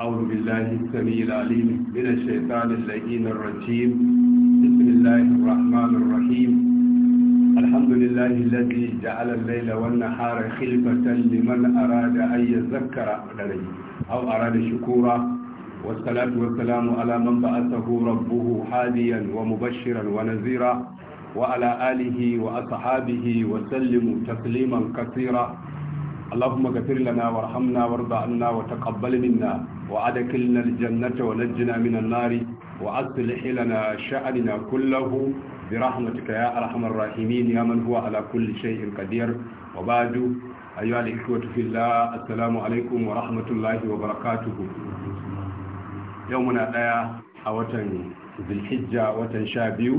أعوذ بالله السميع العليم من الشيطان اللئيم الرجيم بسم الله الرحمن الرحيم الحمد لله الذي جعل الليل والنهار خلفة لمن أراد أن يذكر أو أراد شكورا والصلاة والسلام على من بعثه ربه حاديا ومبشرا ونذيرا وعلى آله وأصحابه وسلم تسليما كثيرا اللهم اغفر لنا وارحمنا وارض عنا وتقبل منا وأدخلنا الجنة ونجنا من النار وأصلح لنا شأننا كله برحمتك يا أرحم الراحمين يا من هو على كل شيء قدير وبعد أيها الإخوة في الله السلام عليكم ورحمة الله وبركاته يومنا الآية أوتن ذي الحجة وتن شابيو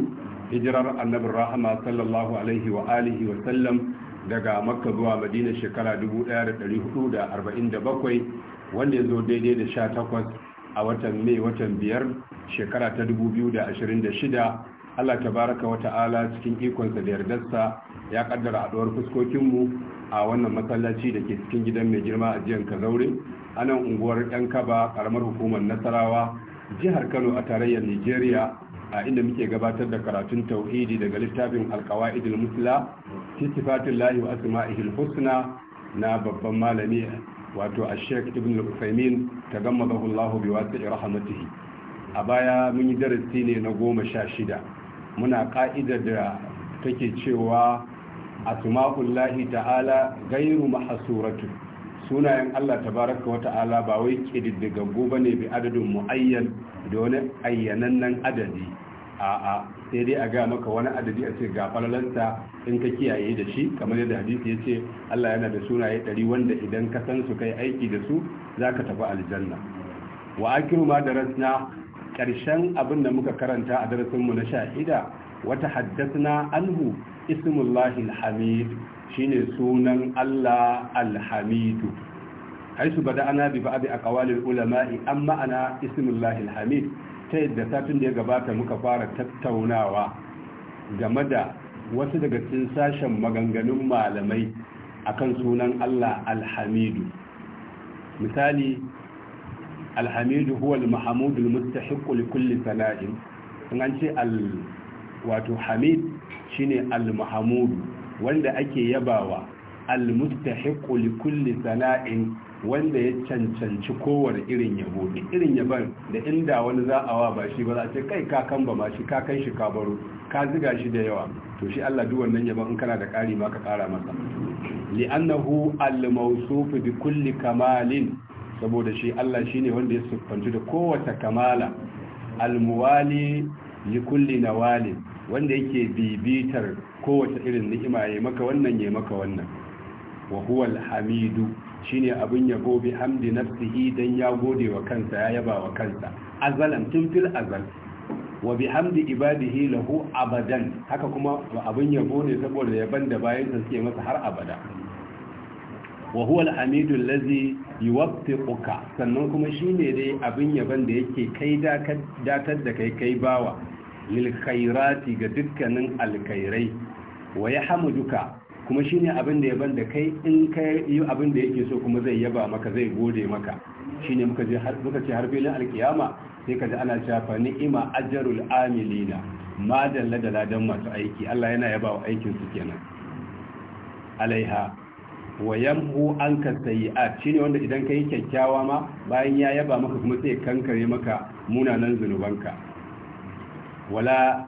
hijirar annabin rahama sallallahu alaihi wa alihi wa sallam daga makka zuwa madina shekara 1447 wanda ya zo daidai da sha takwas a watan mai watan biyar shekara ta dubu biyu da da shida, Allah baraka wa ta'ala cikin ikonsa da yardarsa ya kaddara haɗuwar fuskokinmu a wannan masallaci da ke cikin gidan mai girma a jiyan kazaure a nan unguwar yan kaba karamar hukumar nasarawa jihar kano a tarayyar nigeria a inda muke gabatar da karatun tauhidi daga littafin alkawa'idul musla fi sifatin lahi wa asma'ihil husna na babban malami wato a sheik ibn al ta gama zahullahu bi wasu rahmatihi a baya mun yi darasi ne na goma sha shida muna ka'ida da take cewa asma'ullahi ta'ala gairu mahasuratu sunayen Allah tabaraka wa ta'ala ba wai ba ne bi adadin muayyan da wani ayyanannen adadi a'a sai dai a ga maka wani adadi a ce ga falalanta in ka kiyaye da shi kamar yadda hadisi ya ce Allah yana da sunaye ɗari wanda idan ka san su kai aiki da su za ka tafi aljanna wa akiru ma da rasna ƙarshen abin da muka karanta a darasin mu na sha'ida wata haddasna anhu ismullahi alhamid shine sunan Allah alhamidu haisu bada ana bi ba'adi aqwalil ulama'i amma ana ismullahi alhamid ta yadda satin da ya gabata muka fara tattaunawa game da wasu daga cikin sashen maganganun malamai akan sunan Allah alhamidu misali alhamidu huwa almahamudul mustahiqu li kulli in an ce al wato hamid shine almahamudu wanda ake yabawa almustahiqu li kulli sana'in. wanda ya cancanci kowar irin yabo da irin yaban da inda wani za a wa ba shi ba za a ce kai kakan ba ma shi kakan shi ka baro ka ziga shi da yawa to shi Allah duk wannan yaban in kana da ƙari ma ka ƙara masa li'annahu al-mawsuf bi kulli kamalin saboda shi Allah shine wanda ya siffanci da kowace kamala al-muwali li kulli nawalin wanda yake bibitar kowace irin ni'ima yayi maka wannan yayi maka wannan wa huwa al-hamidu shine abin yabo bi hamdi nafsihi dan ya gode wa kansa ya yaba wa kansa azalan tun fil azal wa bi hamdi ibadihi lahu abadan haka kuma abin yabo ne saboda yaban da bayan sa suke masa har abada wa huwa al-hamidu allazi yuwaffiquka sannan kuma shine dai abin yaban da yake kai datar da kai kai bawa lil khairati ga dukkanin alkhairai wa yahmuduka kuma shine abin da ya ban da kai in ka yi abin da yake so kuma zai yaba maka zai gode maka shine muka je muka ce har filin alkiyama sai ka ana shafa ni'ima ajrul amilina ma dalla da ladan masu aiki Allah yana yaba wa aikin su kenan alaiha wa yamhu anka sayi'at shine wanda idan kai kyakkyawa ma bayan ya yaba maka kuma sai kankare maka munanan zunubanka wala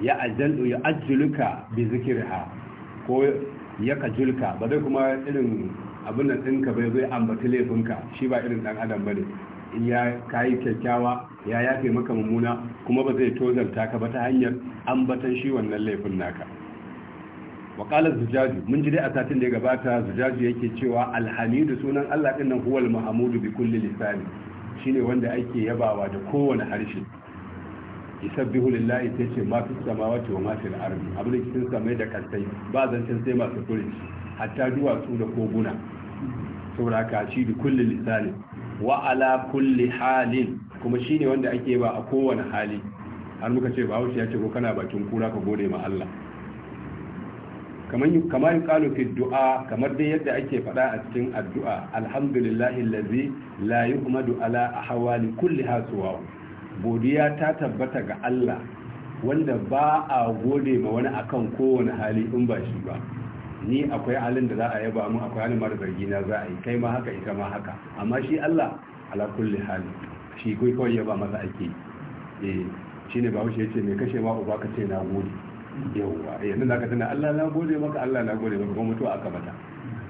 ya ajjalu ya ajjuluka bi zikriha ko ya ka julka ba zai kuma irin abin da ɗinka bai zai ambaci laifinka shi ba irin ɗan adam bane in ya kayi kyakkyawa ya yafe maka mummuna kuma ba zai tozarta ka ba ta hanyar ambatan shi wannan laifin naka waƙalar zujaju mun ji dai a satin da ya gabata zujaju yake cewa alhamidu sunan allah ɗin nan huwal mahamudu bi kulli lisani shine wanda ake yabawa da kowane harshe yusabbihu lillahi sai ce ma fi samawati wa ma al ardi abin da samai da kantai ba zancen sai masu firij hatta duwatsu da koguna saboda ka shi da kulli lisani wa ala kulli halin kuma shine wanda ake ba a kowane hali har muka ce bahaushe ya ce ko kana bakin kura ka gode ma Allah kamar kamar fi du'a kamar dai yadda ake faɗa a cikin addu'a alhamdulillahi allazi la yuhmadu ala ahwali kulli hasuwa godiya ta tabbata ga Allah wanda ba a gode ma wani akan kowane hali in ba shi ba ni akwai halin da za a yaba mu akwai halin mara zargi na za a yi kai ma haka ita ma haka amma shi Allah ala kulli hali shi kai kawai yaba masa ake eh shine ba wuce yace me kashe ma uba ka ce na gode yauwa eh, yanzu zaka tana Allah na gode maka Allah na gode maka kuma mutuwa aka mata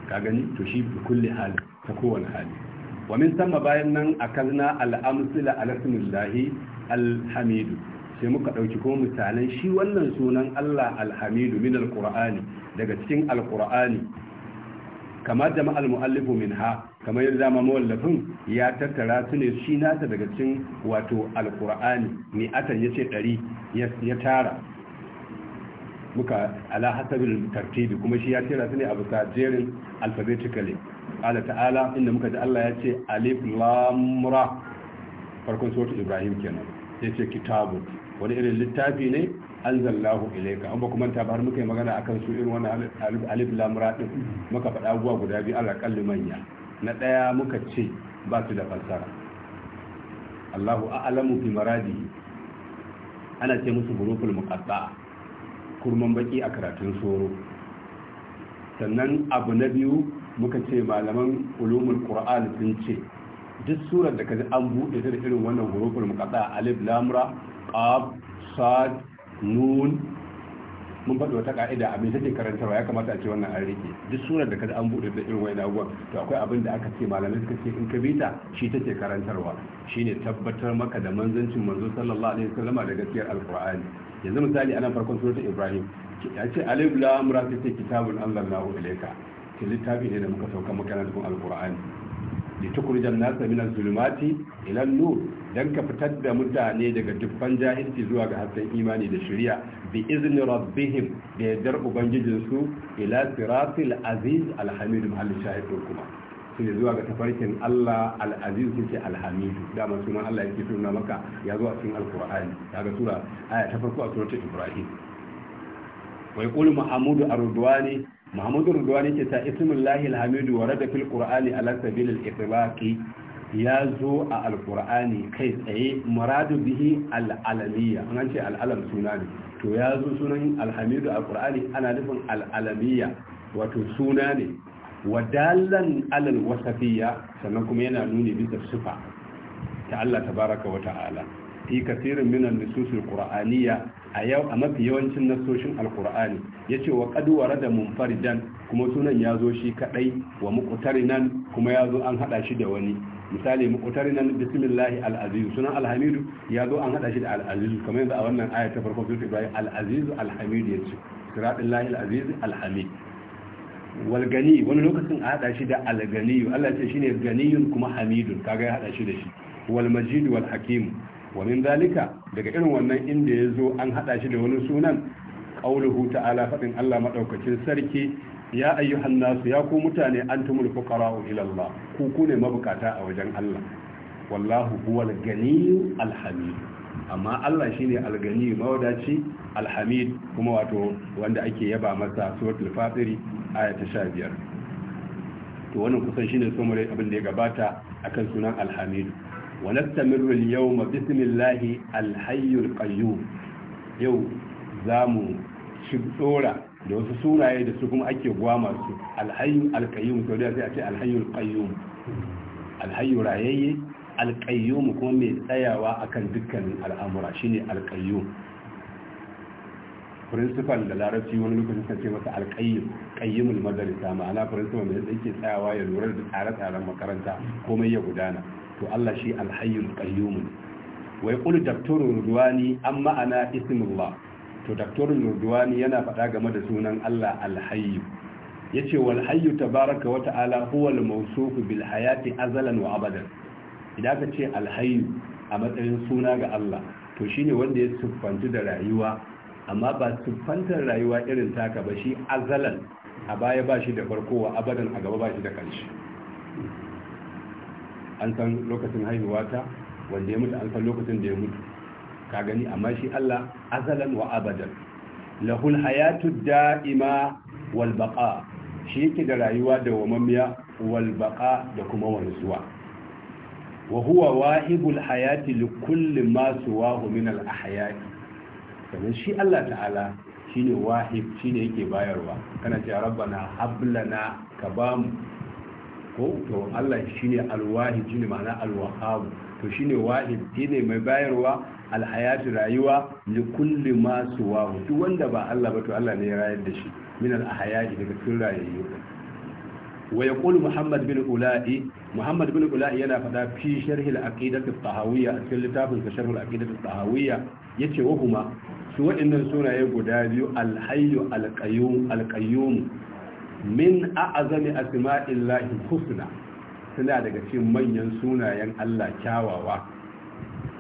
ka gani to shi kulli hali ta kowane hali wa min sama bayan nan a kazna al'amsila alasmillahi alhamidu sai muka ɗauki kuma misalan shi wannan sunan allah alhamidu min alƙur'ani daga cikin alƙur'ani kamar da muallifu min ha kamar yadda ma mawallafin ya tattara su ne shi nata daga cikin wato alƙur'ani ne atan ya ce ɗari ya tara muka ala hasabin tartibi kuma shi ya tara su ne a bisa jerin alphabetically qala ta'ala inda muka ji Allah ya ce alif lamura. farkon suratul ibrahim kenan ya ce kitabun wani irin littafi ne An-Zallahu-Ilaika. an ba kuma ta bar muka yi magana akan su irin wani alif lamura din muka faɗa abubuwa guda biyu Allah kalli manya na ɗaya muka ce ba su da fassara Allahu a'lamu fi maradi ana ce musu huruful muqatta'a kurman baki a karatun soro sannan abu na biyu muka ce malaman ulumul qur'an sun ce duk surar da kaji an buɗe ta da irin wannan hurufin muqatta alif lam ra qaf sad nun mun faɗi wata ka'ida abin take karantarwa ya kamata a ce wannan an rike duk surar da kaji an buɗe ta irin wannan abubuwan to akwai abin da aka ce malamai suka ce in ka bi ta shi take karantarwa shine tabbatar maka da manzancin manzo sallallahu alaihi wasallam da gaskiyar alqur'ani yanzu misali anan farkon suratul ibrahim ya ce alif lam ra take kitabun anzalnahu ilayka ta littafi ne da muka sauka muka na cikin alkur'ani da tukurijan nasa minan zulumati ilan nur don ka fitar da mutane daga dubban jahilci zuwa ga hasken imani da shari'a bi izinin rabbihim da yardar ubangijinsu ila siratil aziz alhamidu muhallin shahidun kuma su ne zuwa ga tafarkin Allah al'aziz yake alhamidu dama sunan Allah yake tuna maka ya zuwa cikin alkur'ani daga sura aya ta farko a surat ibrahim wai qul mahamudu mahmudu rudwani ce ta ismullahi alhamidu wa rada fil qur'ani ala sabil al ya zo a alqur'ani kai tsaye muradu bihi al-alamiyya an ce al-alam suna ne to ya zo sunan alhamidu alqur'ani ana nufin al-alamiyya wato suna ne wa dalan alal wasafiyya sannan kuma yana nuni bisa sifa ta Allah tabaraka wa ta'ala fi kasirin minan nususul qur'aniyya a yau a mafi yawancin nasoshin alkur'ani ya ce wa kaduwara da munfaridan kuma sunan ya zo shi kadai wa nan kuma ya zo an hada shi da wani misali muqtarinan bismillahi al-aziz sunan alhamidu ya zo an hada shi da al-aziz kamar yanzu a wannan aya ta farko sura ibrahim al alhamidu ya ce siratullahi al-aziz alhamidu walgani wal gani wani lokacin a hada shi da al Allah ya ce shine ganiyun kuma hamidun kaga ya hada shi da shi wal majid wal hakim ومن ذلك daga irin wannan inda ya zo an hada shi da wani sunan qauluhu ta'ala fadin Allah madaukakin sarki ya ayyuhan nasu ya ku mutane antumul fuqara'u ila Allah ku ku ne mabukata a wajen Allah wallahu huwal gani alhamid amma Allah shine algani mawadaci alhamid kuma wato wanda ake yaba masa suratul fatiri aya ta 15 to wannan kusan shine somare abin da ya gabata akan sunan alhamid ونستمر اليوم بسم الله الحي القيوم يو زامو شبطورة da wasu sunaye da su kuma ake gwama masu alhayu alkayyum to da sai a ce alhayu alkayyum alhayu rayayye alkayyum kuma mai tsayawa akan dukkanin al'amura shine alkayyum principal da larabci wani lokacin sun ce masa alƙayyim ƙayyimul madarisa ma'ana principal mai yake tsayawa ya lura da tsare-tsaren makaranta komai ya gudana to Allah shi alhayyul qayyum wai qul daktaru rudwani amma ana ismullah to daktaru rudwani yana faɗa game da sunan Allah alhayyu yace wal hayyu tabaaraka wa ta'ala huwa al mawsuuf bil hayati azalan wa abadan idan ka ce alhayy a matsayin suna ga Allah to shine wanda ya siffantu da rayuwa amma ba siffantar rayuwa irin taka ba shi azalan a baya ba shi da farko wa abadan a gaba ba shi da ƙarshe an san lokacin haihuwa ta wanda ya mutu an san lokacin da ya mutu ka gani amma shi Allah azalan wa abadan lahul hayatu da'ima wal baqa shi yake da rayuwa da wamamiya wal baqa da kuma wanzuwa wa huwa wahibul hayati li kulli ma suwahu min al ahya'i kamar shi Allah ta'ala shine wahib shine yake bayarwa kana ce rabbana hablana ka bamu ko to Allah shine alwahid shine ma'ana alwahab to shine wahid shine mai bayarwa alhayatu rayuwa li kulli ma suwa. duk wanda ba Allah ba to Allah ne ya rayar da shi min alhayati daga cikin rayayyu wa yaqulu muhammad bin ula'i muhammad bin ula'i yana fada fi sharh al-aqidah at-tahawiyya a cikin littafin sharh al-aqidah at-tahawiyya yace wa huma su waɗannan sunaye guda biyu alhayyu alqayyum alqayyum min a'azami lahi husna suna daga cikin manyan sunayen Allah kyawawa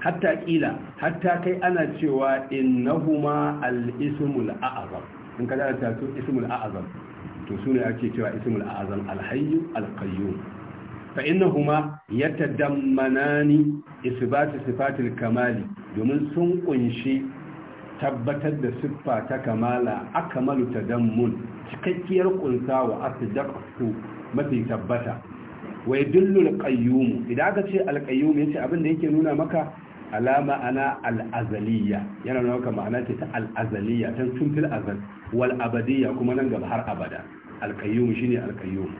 hatta kila hatta kai ana cewa innahuma al-ismul a'azam in ka da su ismul a'azam to sune ake cewa ismul a'azam al-hayy al-qayyum fa innahuma yatadammanani isbat sifatil kamali domin sun kunshi tabbatar da siffa ta kamala akmalu tadammun cikakkiyar kunsa wa asdaqtu mafi tabbata wa yadullu alqayyum idan aka ce alqayyum yace abin da yake nuna maka alama ana al'azaliya yana nuna maka ma'ana ce ta al'azaliya ta fil azal wal abadiyya kuma nan gaba har abada alqayyum shine alqayyum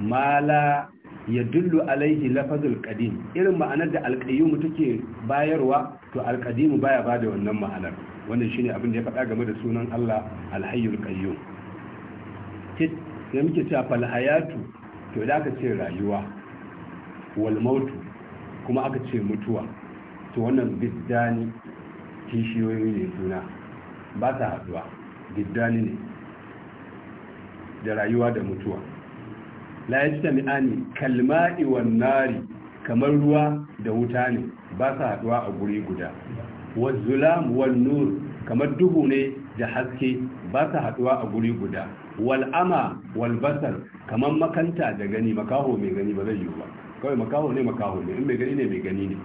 mala yadullu alaihi lafazul qadim irin ma'anar da alqayyum take bayarwa to alqadim baya bada wannan ma'anar wannan shine abin da ya faɗa game da sunan Allah alhayyul qayyum sai muke cewa fal hayatu to da aka ce rayuwa wal mautu kuma aka ce mutuwa to wannan biddani kishiyoyi ne suna ba ta haduwa biddani ne da rayuwa da mutuwa la ani kalma'i wan nari kamar ruwa da wuta ne ba sa haduwa a guri guda zulam wan nur kamar duhu ne da haske ba ta haduwa a guri guda wal'ama walbasar kamar makanta da gani makaho mai gani ba zai yiwu ba kawai makaho ne makaho ne in mai gani ne mai gani ne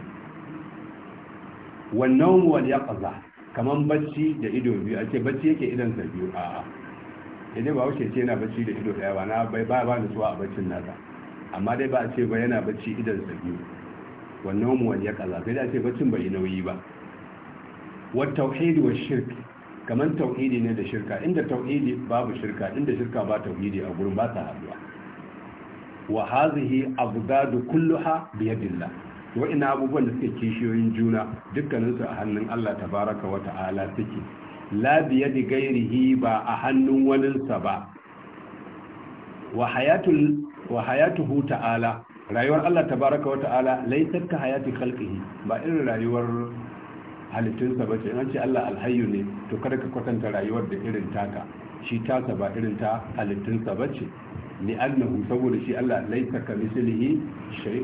wannan wal yaqza kamar bacci da ido biyu ake bacci yake idan sa biyu a'a idan ba wuce ce yana bacci da ido daya ba na bai ba ba da a baccin nasa amma dai ba a ce ba yana bacci idan sa biyu wannan wal yaqza sai da ce baccin bai nauyi ba wa tauhid wa shirki kamar tauhidi ne da shirka inda tauhidi babu shirka inda shirka ba tauhidi a gurin ba ta haduwa wa hazihi abdadu kulluha bi yadillah wa ina abubuwan da suke kishiyoyin juna dukkanin su a hannun Allah tabaraka wa ta'ala suke la bi yadi gairihi ba a hannun waninsa ba wa hayatul wa hayatuhu ta'ala rayuwar Allah tabaraka wa ta'ala laysat ka hayati khalqihi ba irin rayuwar halittunsa ba ce an ce Allah alhayyu ne to kada ka kwatanta rayuwar da irin taka shi tasa ba irin ta halittunsa ba ce ni annahu saboda shi Allah laisa ka mislihi shay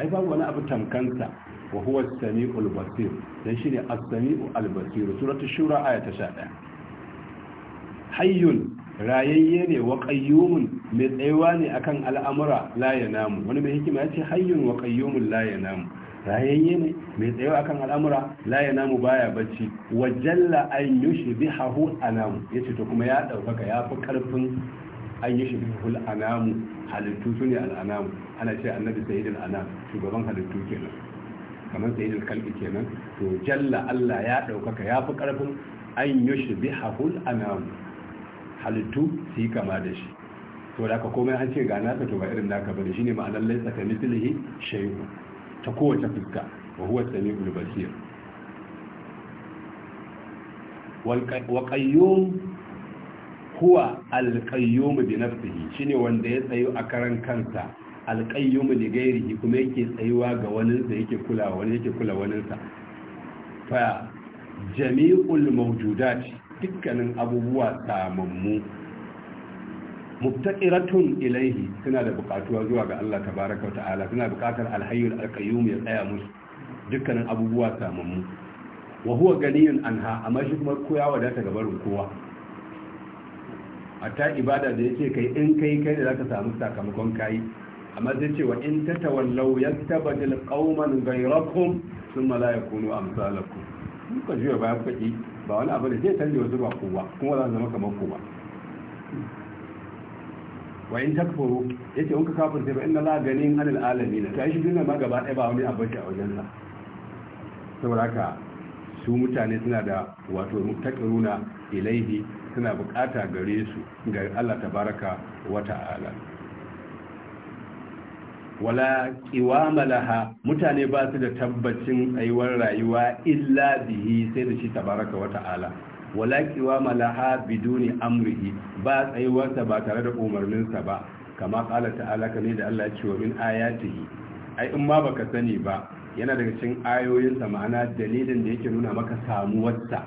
ai babu wani abu tamkansa wa huwa as-sami'ul basir dan shine as-sami'u al-basir suratul shura aya ta 11 hayyun rayayye ne wa qayyumun mai tsayawa ne akan al'amura la yanamu wani mai hikima ya ce hayyun wa qayyumun la yanamu rayayye ne mai tsayo akan al'amura la ya namu baya bacci wa jalla an yushbihahu anamu ce to kuma ya ɗaukaka ya fi karfin an shi bi yushbihul anamu halittu ne al'anamu ana ce annabi sayyidul anam shugaban halittu kenan kamar sayyidul kalbi kenan to jalla Allah ya ɗaukaka ya fi karfin an shi bi yushbihul anamu halittu su yi kama da shi to da ka komai an ce ga nasa to ba irin naka bane shine ma'anar laysa ka mithlihi shay'un ta kowace fuska wa huwa sami'ul basir wa qayyum huwa al-qayyum bi nafsihi shine wanda ya tsayo a karan kansa al-qayyum li ghairihi kuma yake tsayuwa ga wani da yake kula wani yake kula wani sa fa jami'ul mawjudat dukkanin abubuwa tamammu muftaqiratun ilaihi suna da bukatuwa zuwa ga Allah tabaraka ta'ala suna bukatar alhayyul alqayyum ya tsaya musu dukkanin abubuwa samammu wa huwa ganiyun anha amma shi kuma koya wa data gabar kowa ata ibada da yake kai in kai kai da zaka samu sakamakon kai amma zai ce wa in tatawallaw yastabdil qauman ghayrakum thumma la yakunu amsalakum kuka jiya ya faɗi? ba wani abu da zai canza wasu ba kowa kuma za su zama kamar kowa wa in takfuru yace in ka kafirce ba inna la ganin anil alamin ta shi duniya ma gaba ɗaya ba wani abu a wajen sa saboda haka su mutane suna da wato muttaqiruna ilaihi suna bukata gare su ga Allah tabaraka wa ta'ala wala qiwama laha mutane ba su da tabbacin aiwar rayuwa illa bihi sai da shi tabaraka wa ta'ala wala wa malaha biduni amrihi ba tsayuwarsa ba tare da umarninsa ba kama kala ta'ala kame da Allah ce min ayatihi ai in ma baka sani ba yana daga cikin ayoyinsa ma'ana dalilin da yake nuna maka samuwarsa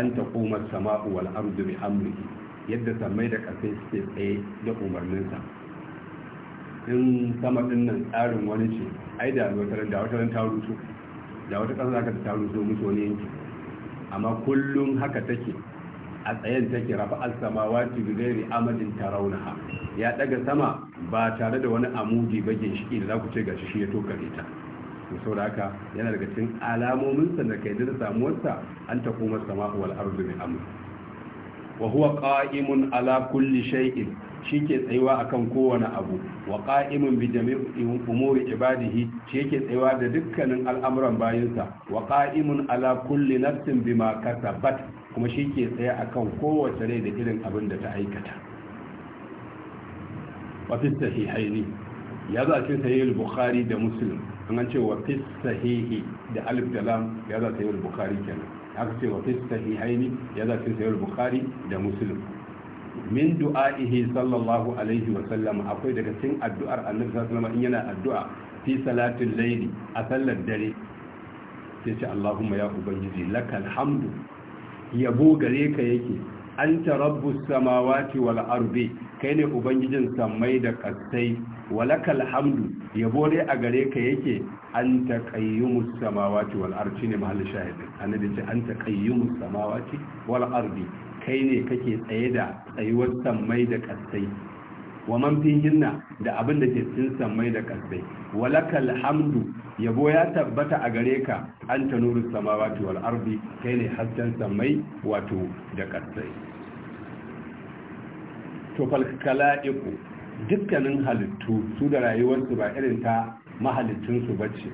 an ta kuma samau wal ardu bi amrihi yadda samai da kasai suke tsaye da umarninsa in sama din nan tsarin wani ce ai da wata da wata ta rutu da wata kasa zaka ta rutu musu wani yanki amma kullum haka take a tsayen take rafa al samawati bi ghairi amadin tarawnaha ya daga sama ba tare da wani amudi ba ginshiki da ku ce gashi shi ya tokare ta to saboda haka yana daga cikin alamomin sa da kai da samuwarsa an ta kuma sama'u wal ardu bi amr wa huwa qa'imun ala kulli shay'in shi ke tsayuwa kan kowane abu wa qa'imun bi jami'i umuri ibadihi shi ke tsayuwa da dukkanin al'amuran bayinsa wa qa'imun ala kulli nafsin bima kasabat kuma shi ke tsaye akan kowace rai da irin abin da ta aikata wa fi sahihaini ya za cikin sahihul bukhari da muslim an ce wa fi sahihi da alif da lam ya za sahihul bukhari kenan aka ce wa fi sahihaini ya za cikin sahihul bukhari da muslim min du'a'ihi sallallahu alaihi wa sallam akwai daga cikin addu'ar annabi sallallahu alaihi in yana addu'a fi salatin layli a sallar dare sai ce Allahumma ya ubangiji lakal hamdu yabo gare ka yake anta rabbus samawati wal ardi kai ne ubangijin samai da kasai walakal hamdu yabo dai a gare ka yake anta qayyumus samawati wal ardi ne mahallin shahidi annabi ce anta qayyumus samawati wal ardi kai ne kake tsaye da tsayuwar sammai da kasai wa man fihinna da abin da ke cikin sammai da kasai walakal hamdu yabo ya tabbata a gare ka anta nuru samawati wal ardi kai ne hasken sammai wato da kasai to fal kalaiku dukkanin halittu su da rayuwarsu ba irin ta su bace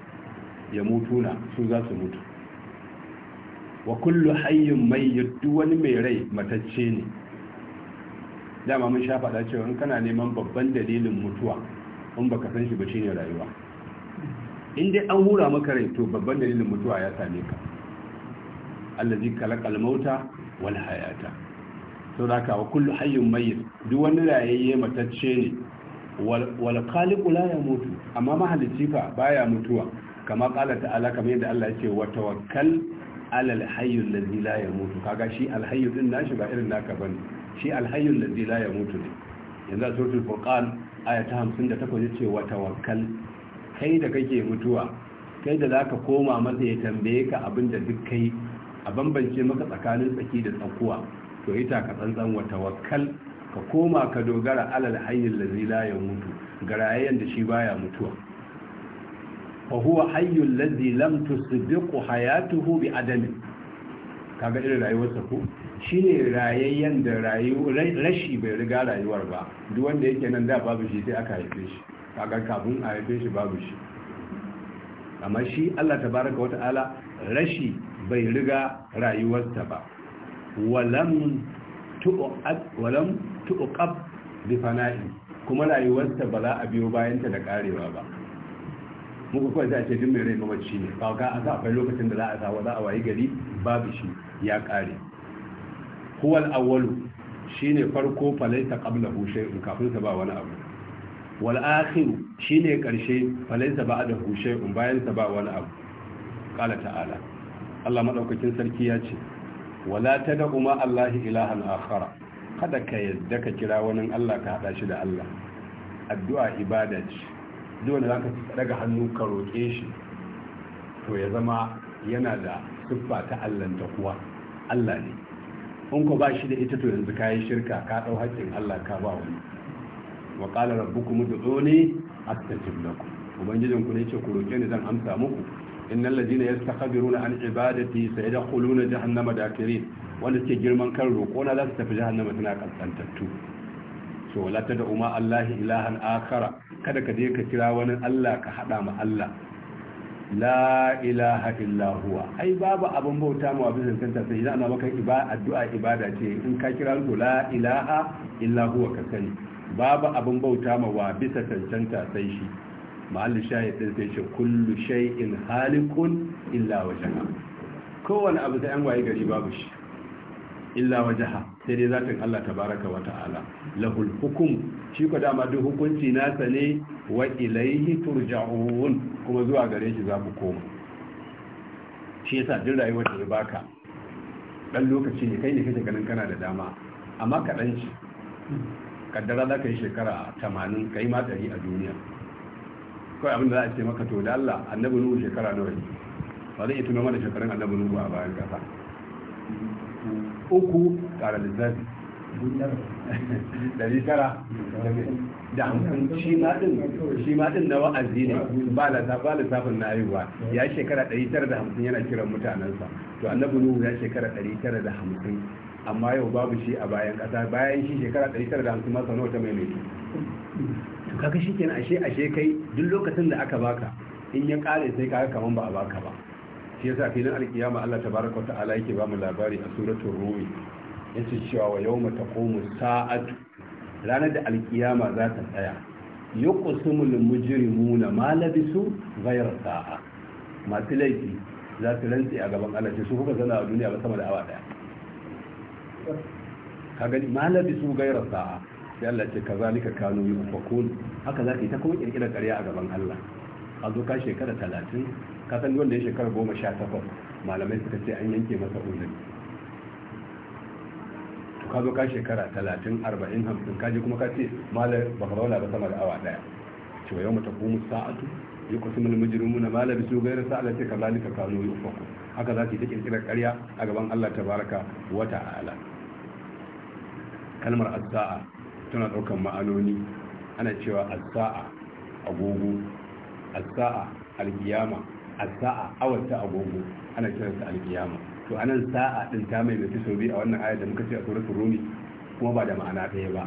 ya mutuna su za su mutu wa kullu hayyun mayyit duk wani mai rai matacce ne dama mun sha faɗa cewa in kana neman babban dalilin mutuwa in baka san shi ba shine rayuwa in dai an hura maka rai to babban dalilin mutuwa ya same ka Allah allazi kalaqal mauta wal hayata Sau da ka wa kullu hayyun mayyit duk wani rayayye matacce ne wal khaliqu la yamutu amma mahalicci fa baya mutuwa kama qala ta'ala kamar yadda Allah ya ce wa tawakkal alal hayyul ladzi la yamutu kaga shi alhayyu din nashi ba irin naka bane shi alhayyul ladzi la yamutu ne yanzu suratul furqan aya ta 58 yace wa tawakkal kai da kake mutuwa kai da zaka koma masa ya tambaye ka abinda duk kai a bambance maka tsakanin tsaki da tsakuwa to ita ka tsantsan wa tawakkal ka koma ka dogara alal hayyul ladzi la yamutu garayen da shi baya mutuwa wa huwa hayyul lam tusbiqu hayatuhu bi adami kaga irin rayuwarsa ko shine rayayyen da rashi bai riga rayuwar ba duk wanda yake nan da babu shi sai aka haife shi kaga kafin a haife shi babu shi amma shi Allah tabaraka ta'ala rashi bai riga rayuwarsa ba walam tuqab bi fana'i kuma rayuwarsa ba za a biyo bayanta da karewa ba mu kawai za a ce duk mai rai mamaci ne ba ga za akwai lokacin da za a sawa za a wayi gari babu shi ya kare huwal awwalu shine farko falaita qablahu shay'un kafin sa ba wani abu wal akhir shine karshe falaita ba'dahu shay'un bayan sa ba wani abu qala ta'ala Allah madaukakin sarki ya ce wala tad'u ma Allahi ilahan akhara kada ka yadda ka kira wani Allah ka hada shi da Allah addu'a ibada ce duk wanda zaka daga hannu ka roƙe shi to ya zama yana da siffa ta allanta kuwa Allah ne in ko ba shi da ita to yanzu kayi shirka ka ɗau haƙƙin Allah ka ba wani wa da rabbukum a astajib lakum ubangijin ku ne ce ku roƙe ni zan amsa muku inna ladina yastakbiruna an ibadati sayadkhuluna jahannama dakirin wanda suke girman kan roƙo na za su tafi jahannama suna kaskantattu to wala ta da umma Allah ilahan akara kada ka je ka kira wani Allah ka hada ma Allah la ilaha illa huwa ai babu abin bauta ma abin zantanta sai idan ana maka addu'a ibada ce in ka kira to la ilaha illa huwa ka sani babu abin bauta ma wa bisa tantanta sai shi mahalli din sai ce kullu shay'in halikun illa wajha kowanne abu sai an waye gari babu shi illa wajaha sai dai zatin Allah tabaraka wa ta'ala lahul hukum shi ko dama duk hukunci nasa ne wa ilaihi turja'un kuma zuwa gare shi za ku koma shi yasa duk rayuwar da baka dan lokaci ne kai ne kake ganin kana da dama amma ka dan shi kaddara za ka yi shekara 80 kai ma dari a duniya kawai abin da za a ce maka to da Allah annabi nuhu shekara nawa ne ba zai iya tuno mana shekarun annabi nuhu a bayan kasa uku ƙara lissafi dari tara da hamsin shi ma din na wa'azi ne ba lissafin na haihuwa ya shekara ɗari tara da hamsin yana kiran mutanensa to annabi nuhu ya shekara ɗari tara da hamsin amma yau babu shi a bayan ƙasa bayan shi shekara ɗari tara da hamsin ma sau wata ta maimaita to kaga shi kenan ashe ashe kai duk lokacin da aka baka in ya ƙare sai kaga kaman ba a baka ba shi yasa filin alkiyama Allah tabaraka wa ta'ala yake ba mu labari a suratul rumi yace cewa wa yawma taqumu sa'atu ranar da alkiyama za ta tsaya yuqsimul mujrimuna ma labisu ghayra sa'a masu laifi za su rantsi a gaban Allah su kuka zana a duniya ba sama da awa daya ka gani ma labisu ghayra sa'a sai Allah ce kazalika kanu yufakun haka za ka yi ta kuma kirkirar ƙarya a gaban Allah a zo ka shekara talatin ka san wanda ya shekara goma sha takwas malamai suka ce an yanke masa uzuri to ka zo ka shekara talatin arba'in hamsin ka je kuma ka ce malar ba ka zauna ba sama da awa daya cewa yau mata kuma sa'atu ya kusa mil mijirin na malar su gairar sa'ala ce ka zalika kano yi ufaku haka za ta yi ta karya a gaban allah tabaraka wata ala kalmar as-sa'a tana ɗaukar ma'anoni ana cewa as-sa'a agogo asa'a saa asa'a saa awata agogo ana kiransa al-qiyama to anan sa'a din ta mai mutu sau bi a wannan ayar da muka ce a suratul rumi kuma ba da ma'ana ta ba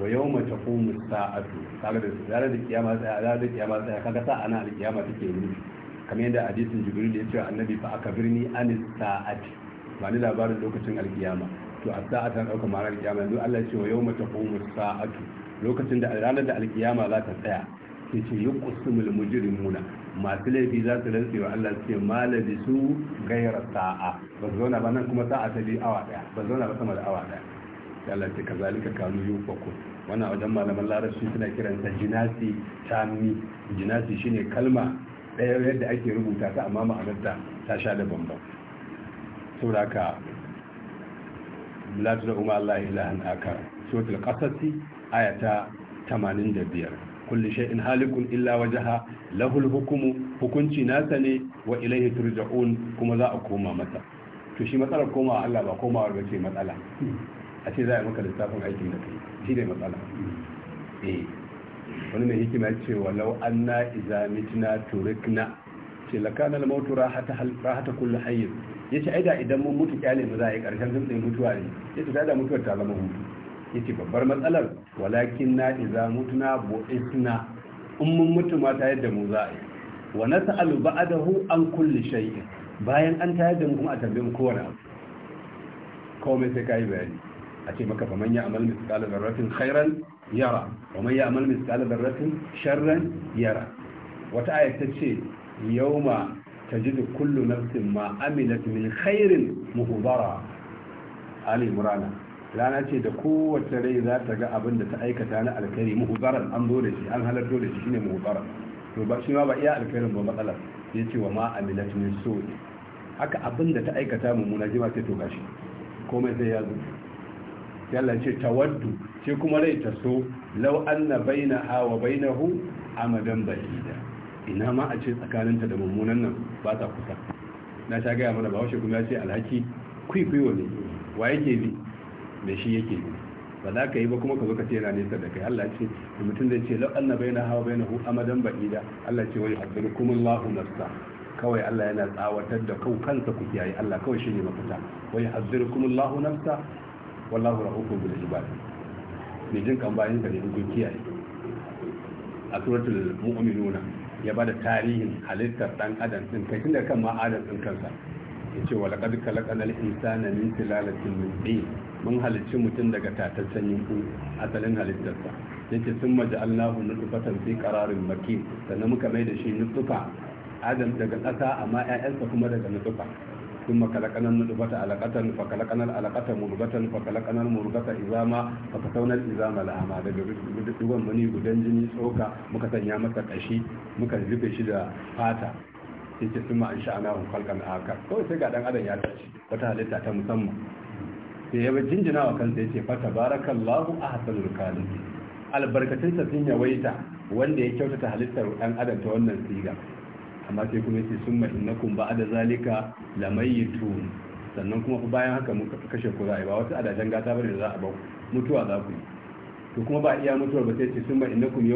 wa yawma taqumu saatu kaga da zarar da kiyama tsaya da kiyama tsaya kaga sa'a na al take yi. kamar yadda hadisin jibril ya ce annabi fa aka birni an sa'ati ba ni labarin lokacin alkiyama to a sa'a ta dauka ma'anar alkiyama yanzu Allah ya ce wa yawma taqumu saatu lokacin da ranar da alkiyama za ta tsaya sai ce yi kusumul muna masu laifi za su rantse wa Allah ce malabi su gayar sa'a ba su zauna ba nan kuma sa'a ta bi awa daya ba su zauna ba sama da awa daya sai Allah ce zalika kanu yufaku wannan wajen malaman larabci suna kiranta jinasi tami jinasi shine kalma ɗaya yadda ake rubuta ta amma ma'anarta ta sha da bambam saboda haka la tudu ma Allah ilahan akar suratul qasas ayata 85 kulli shay'in halikun illa wajaha, lahu hukumu hukunci nasa ne wa ilaihi turja'un kuma za a koma masa to shi matsalar komawa Allah ba komawa ba ce matsala a ce za a maka lissafin aikin da kai shi ne matsala eh wani mai hikima ya ce walau anna iza mitna turikna ce lakana al-mautu rahata rahata kullu hayy yace aida idan mun mutu kyale mu za a yi karshen zubin mutuwa ne yace da mutuwar ta zama hutu yace babbar matsalar walakin na iza mutuna in mun mutu ma ta yadda mu za a yi wa an kulli shay'in bayan an tayar da mu kuma a tambaye mu komai sai kai bayani a ce maka fa man ya'mal mithqala dharratin khairan yara wa man ya'mal mithqala dharratin sharran yara wata aya ta ce yawma tajidu kullu nafsin ma amilat min khairin muhbara ali imran rana ce da kowace rai za ta ga abin da ta aikata na alkhairi muhubarar an zo da shi an halarto da shi shine muhubarar to ba shi ma ba iya alkhairin ba matsalar ya ce wa ma aminat min so haka abin da ta aikata mummuna jima sai to gashi komai sai ya zo yalla Allah ce tawaddu ce kuma rai ta so law anna bainaha wa bainahu amadan bahida ina ma a ce tsakaninta da mummunan nan ba ta kusa na sha gaya mana ba washe kuma ya ce alhaki kwikwiyo ne wa yake bi me shi yake yi ba za ka yi ba kuma ka zo ka ce yana nesa da kai Allah ce da mutum zai ce lau anna baina hawa baina hu amadan ba'ida Allah ce wai haddukumullahu nafsa kawai Allah yana tsawatar da kau kansa ku kiyaye Allah kawai shi ne mafita wai haddukumullahu nafsa wallahu rahufun bil ibad ne jin kan bayan ka ne kun kiyaye a suratul mu'minuna ya bada tarihin halittar dan adam din kai tunda kan ma adam din kansa yace wa laqad khalaqnal insana min silalatin min tin mun halicci mutum daga tataccen yinku asalin halittarsa yace sun maja'alnahu nutfatan fi qararin makin sannan muka mai da shi na nutfa adam daga ƙasa amma 'ya'yansa kuma daga na sun nutfa ثم خلقنا النطفة علقة فخلقنا العلقة مرغة فخلقنا izama عظاما فكسونا izama لحما daga duban mani gudan jini tsoka muka sanya masa kashi muka zube shi da fata sai ce sun ma'an sha'ana hun kalkan akar kawai sai ga dan adam ya tashi wata halitta ta musamman sai ya jinjina wa kansa yace fa tabarakallahu a khaliqin albarkatun sa sun yawaita wanda ya kyautata halittar dan adam ta wannan siga amma sai kuma yace summa innakum da zalika tun sannan kuma bayan haka mun kashe ku za'a ba wasu adajen gata bane da za a ba mutuwa za ku yi to kuma ba iya mutuwar ba sai ce summa innakum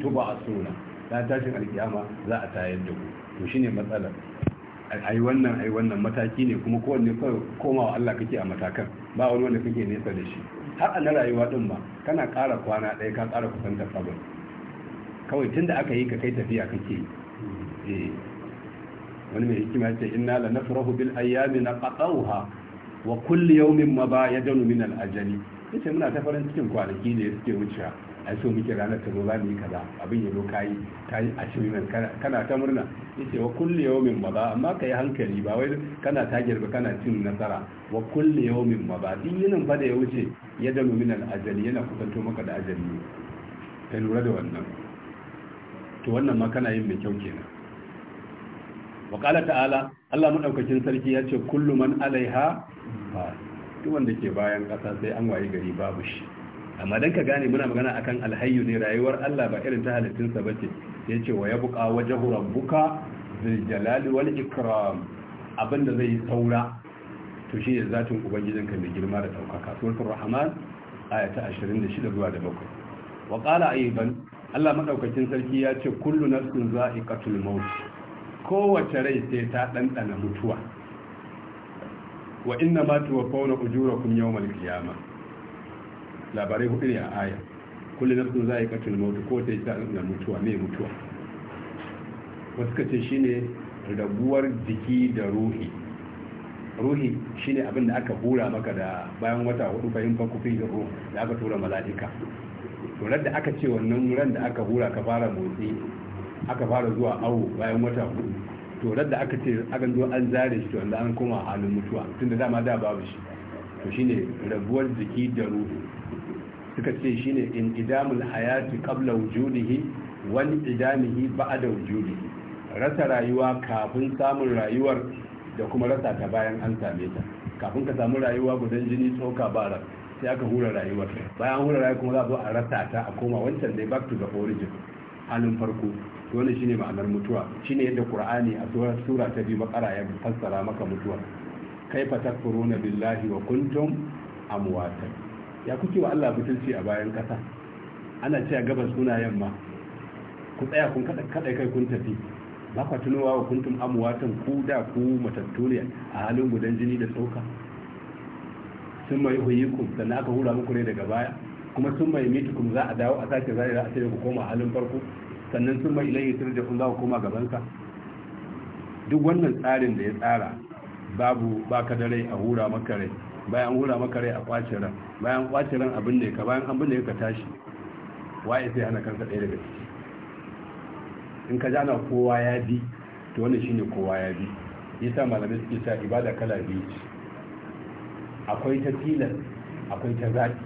tuba a suna. ta tashin alkiyama za a tayar da ku to shine matsalar ai wannan ai wannan mataki ne kuma kowanne komawa Allah kake a matakan ba wani wanda kake nesa da shi har a na rayuwa din ba kana ƙara kwana ɗaya ka ƙara kusanta sabon kawai tunda aka yi ka kai tafiya kake eh. wani mai hikima ce inna la nafrahu bil ayyami na qatawha wa kulli yawmin ma ba yadanu min al ajali yace muna ta farin cikin kwanaki da suke wucewa a so muke ranar ta zo za mu yi kaza abin ya zo kayi kayi a cikin min kana ta murna yace wa kulli yawmin maza amma kai hankali ba wai kana ta girba kana cin nasara wa kulli yawmin maza din yinin fa da ya wuce ya dalu min al ajali yana kusanto maka da ajali ne kai lura da wannan to wannan ma kana yin mai kyau kenan wa qala ta'ala Allah madaukakin sarki ya ce kullu man alaiha ba duk wanda ke bayan kasa sai an waye gari babu shi amma dan ka gane muna magana akan alhayyu ne rayuwar Allah ba irin ta halittunsa bace yace wa yabqa wajhu rabbuka zil jalali wal ikram abinda zai saura to shi ne zatin ubangijinka mai girma da ɗaukaka suratul rahman aya ta 26 zuwa da 7 wa qala ayban Allah madaukakin sarki ya ce kullu nafsin za'iqatul maut kowace rai sai ta dandana mutuwa wa inna ma tuwaffawna ujurakum yawmal qiyamah labarai hudu ne a aya kullu nafsin za'iqatul maut ko ta yi na mutuwa me mutuwa wasu kace shine rabuwar jiki da ruhi ruhi shine abin da aka hura maka da bayan wata hudu bayan fakufin ruhu da aka tura mala'ika to da aka ce wannan ran da aka hura ka fara motsi aka fara zuwa awo bayan wata hudu to da aka ce aka zo an zare shi to an koma halin mutuwa tunda dama da babu shi to shine rabuwar jiki da ruhu suka ce shine in idamul hayati qabla wujudihi wal idamihi ba'da wujudihi rasa rayuwa kafin samun rayuwar da kuma rasa ta bayan an same ta kafin ka samu rayuwa gudan jini tsoka bara sai aka hura rayuwar bayan hura rayuwa kuma za a zo a rasa ta a koma wancan dai back to the origin halin farko to wannan shine ma'anar mutuwa shine yadda qur'ani a sura ta biyu makara ya fassara maka mutuwa kaifa takfuruna billahi wa kuntum amwat ya kuke wa Allah butulci a bayan kasa ana cewa gabas kuna yamma ku tsaya kun kada kada kai kun tafi ba ku tunowa wa kuntum amwatan ku da ku matattu a halin gudan jini da tsoka sun mai ku sannan aka hura muku ne daga baya kuma sun mai mitukum za a dawo a sake zai za a ce ku koma halin farko sannan sun mai ilahi turjafun za ku koma gabansa duk wannan tsarin da ya tsara babu baka da rai a hura maka rai bayan hura maka rai a kwace ran bayan kwace ran abin da ka bayan abin da ka tashi waye sai hana kansa ɗaya daga ciki in ka jana kowa ya bi to wannan shine kowa ya bi yasa malamai suke sa ibada kala biyu ce akwai ta tilas akwai ta zaki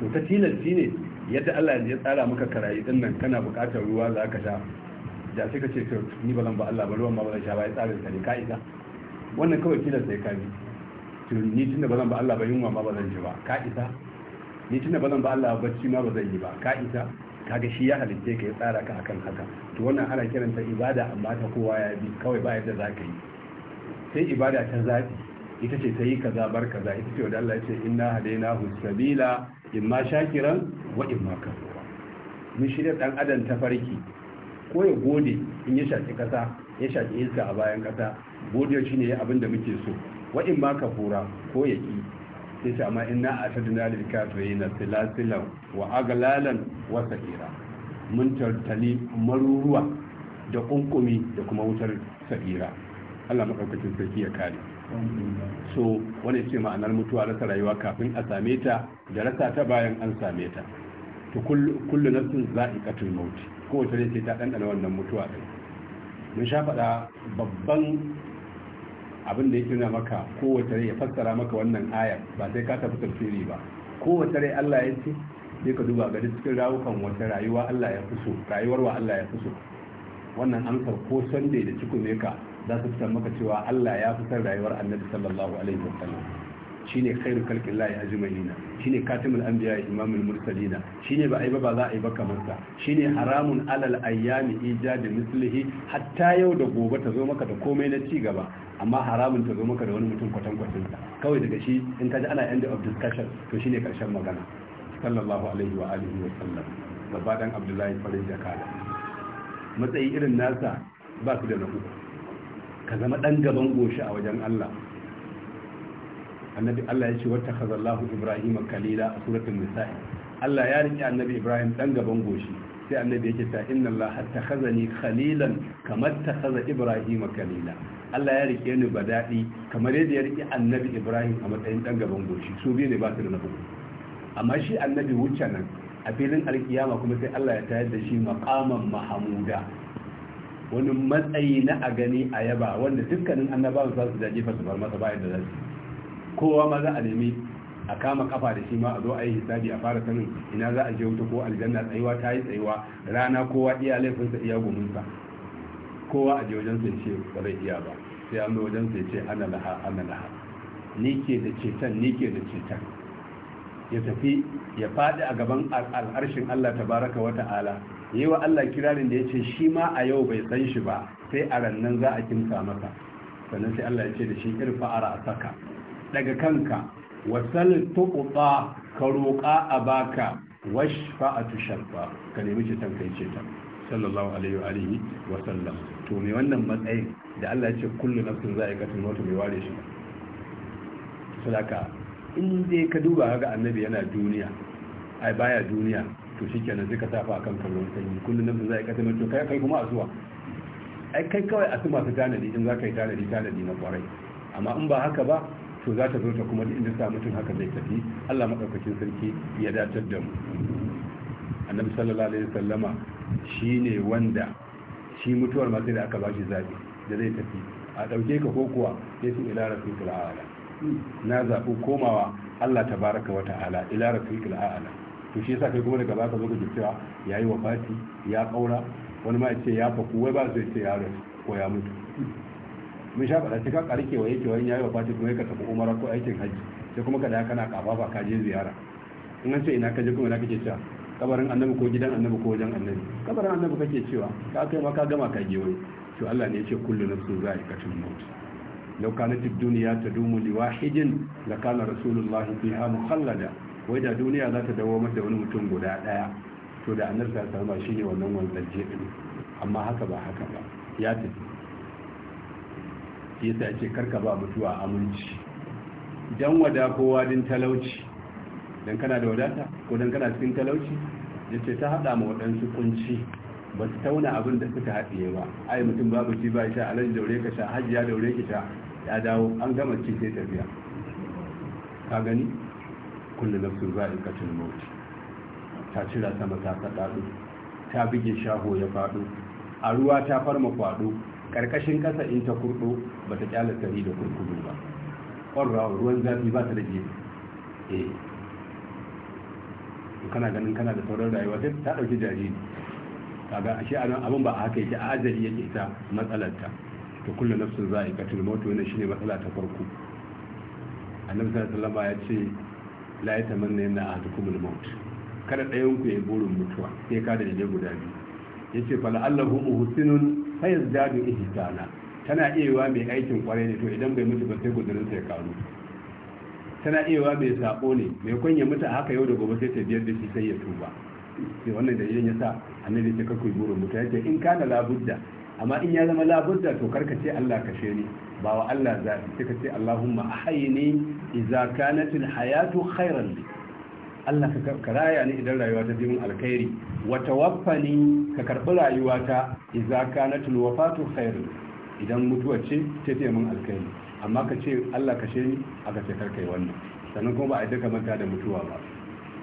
to ta tilas shine yadda Allah ya tsara maka karayi din nan kana buƙatar ruwa za ka sha da sai ka ce to ni ba zan ba Allah ba ruwan ma ba zan sha ba ya tsara ka ka isa wannan kawai tilas da ya kaji to ni tunda ba zan ba Allah ba yunwa ma ba zan ji ba ka isa ni tunda ba zan ba Allah ba bacci ma ba zan yi ba ka isa kaga shi ya halitta ka ya tsara ka akan haka to wannan ana kiranta ibada amma ta kowa ya bi kawai ba yadda za ka yi sai ibada ta zaɓi ita ce ta yi kaza bar kaza ita ce wanda Allah ya ce inna hadaina sabila imma shakiran wa imma kafura mun shirya dan adam ta farki ko ya gode in ya shaki kasa ya shaki iska a bayan kasa godiya shine ya abin da muke so wa in baka hura ko ya ki sai ce amma inna atadna lil kafirina silasilan wa aglalan wa sakira mun tartali maruruwa da kunkumi da kuma wutar sakira Allah madaukakin sarki ya kare so wani ce ma'anar mutuwa rasa rayuwa kafin a same ta da rasa ta bayan an same ta to kullu nafsin za'iqatul maut kowace ne sai ta dandana wannan mutuwa din mun sha faɗa babban abin da yake nuna maka kowace rai ya fassara maka wannan aya ba sai ka tafi tafsiri ba kowace rai Allah ya ce sai ka duba gari cikin rawukan wata rayuwa Allah ya fuso rayuwar wa Allah ya fuso wannan amsar ko sande da cikin ka za su fitar maka cewa Allah ya fitar rayuwar Annabi sallallahu alaihi wasallam shine khairu khalqin lahi ajma'ina shine katimul anbiya imamul mursalina shine ba ai ba ba za a yi ba kamar sa shine haramun alal ayyami ijad mislihi hatta yau da gobe ta zo maka da komai na ci gaba amma haramun ta zo maka da wani mutum kwatan kwatan sa kawai daga shi in ka ji ana end of discussion to shine karshen magana sallallahu alaihi wa alihi wa sallam dan abdullahi farin jakada matsayi irin nasa ba su da na uku ka zama dan gaban goshi a wajen Allah annabi Allah ya ce wata khazallahu Ibrahim kalila a suratul nisa'i Allah ya rike annabi Ibrahim dan gaban goshi sai annabi yake ta inna Allah khazani khalilan kamar ta khaza Ibrahim kalila Allah ya rike ni badadi kamar yadda ya rike annabi Ibrahim a matsayin dan gaban goshi su biyu ne ba su da nafi amma shi annabi wuce nan a filin alkiyama kuma sai Allah ya tayar da shi maqaman mahamuda wani matsayi na a gani a yaba wanda dukkanin annabawan za su daje fa su bar masa bayan da za kowa ma za a nemi a kama kafa da shi ma a zo a yi hisabi a fara sanin ina za a je wuta ko aljanna tsayuwa ta yi tsayuwa rana kowa iya laifinsa iya gominsa kowa a je wajen sai ce ba zai iya ba sai an zo wajen sai ce ana laha ana laha ni ke da ceton ni ke da ceton ya tafi ya faɗi a gaban al'arshin Allah tabaraka wa ta'ala yi wa Allah kirarin da ya ce shi ma a yau bai san shi ba sai a rannan za a kimsa masa sannan sai Allah ya ce da shi irfa ara saka daga kanka wasal tuqta ka roƙa a baka washfa fa'atu tusharfa ka nemi ce tanka ce ta sallallahu alaihi wa alihi wa sallam to me wannan matsayin da Allah ya ce kullu nafsin za'iqatul maut mai ware shi sadaka in dai ka duba ga annabi yana duniya ai baya duniya to shikenan zai ka tafa akan kallon sanyi kullu nafsin za'iqatul maut kai kai kuma azuwa ai kai kawai su masu tanadi in za ka yi tanadi tanadi na kwarai amma in ba haka ba to za ta zo ta kuma inda sa mutum haka zai tafi Allah maɗaukacin sarki ya datar da mu annabi sallallahu alaihi wasallama shine wanda shi mutuwar ma sai da aka bashi zabi da zai tafi a dauke ka ko kuwa sai su ila rafiqul a'ala na zaɓi komawa Allah tabaraka wa ta'ala ila rafiqul a'la to shi yasa kai kuma daga baka zo ka cewa yayi wafati ya kaura wani ma ya ce ya faku wai ba zai ce ya rasu ko ya mutu mun sha faɗa sai ka ƙarke wa ya wani yayi wafati kuma ka tafi umara ko aikin hajji sai kuma ka da kana ƙafa ba ka je ziyara in an ce ina ka je kuma ina kake cewa kabarin annabi ko gidan annabi ko wajen annabi kabarin annabi kake cewa ka kai ma ka gama ka je wani to Allah ne ya ce kullu nafsin za'iqatul maut law kanat ad-dunya tadumu li wahidin la kana rasulullah biha mukhallada wai da duniya za ta dawo mata wani mutum guda daya to da annabi sallallahu alaihi wasallam shine wannan wanzaje din amma haka ba haka ba ya tafi yasa ya ce karka ba mutuwa aminci dan wada kowa wadin talauci dan kana da wadata ko dan kana cikin talauci yace ta hada ma waɗansu kunci ba su tauna abin da suka haɗiye ba ai mutum babu ci ba sha alaji daure ka sha hajji ya daure ki sha ya dawo an gama ci sai tafiya ka gani kullu nafsin za'iqatul maut ta cira sama ta faɗaɗo ta bige shaho ya faɗo a ruwa ta farma faɗo. karkashin kasa in ta kurdo ba ta kyala tari da kurkudu ba ƙwarra ruwan zafi ba ta da jini. eh kana ganin kana da sauran rayuwa sai ta ɗauki jariri kaga ashe nan abin ba a haka yake a ajiye yake ta matsalarta to kullu nafsun za'iqatul maut wannan shine matsala ta farko annabi sallallahu alaihi ya ce la yatamanna yanna ahadukumul maut kada ɗayan ku ya burin mutuwa sai ka da guda biyu yace fa la'allahu muhsinun sayin zadu ihsana tana iyawa mai aikin kwarai ne to idan bai mutu ba sai gudurin sai karu tana iyawa mai sako ne mai kunya mutu a haka yau da gobe sai ta biyar da shi sai ya tuba sai wannan dalilin yasa annabi ta ku burin mutu yake in kana labudda amma in ya zama labudda to karka ce Allah kashe ni ba wa Allah zafi sai ka ce Allahumma ahayni idza kanatil hayatu khairan li Allah ka raya ni idan rayuwa ta jimin alkhairi wa tawaffani ka karɓi rayuwata idza tunuwa wafatu khairun idan mutuwa ce ta fiye min alkhairi amma ka ce Allah ka ni aka ce karkai wannan sannan kuma ba a duka manta da mutuwa ba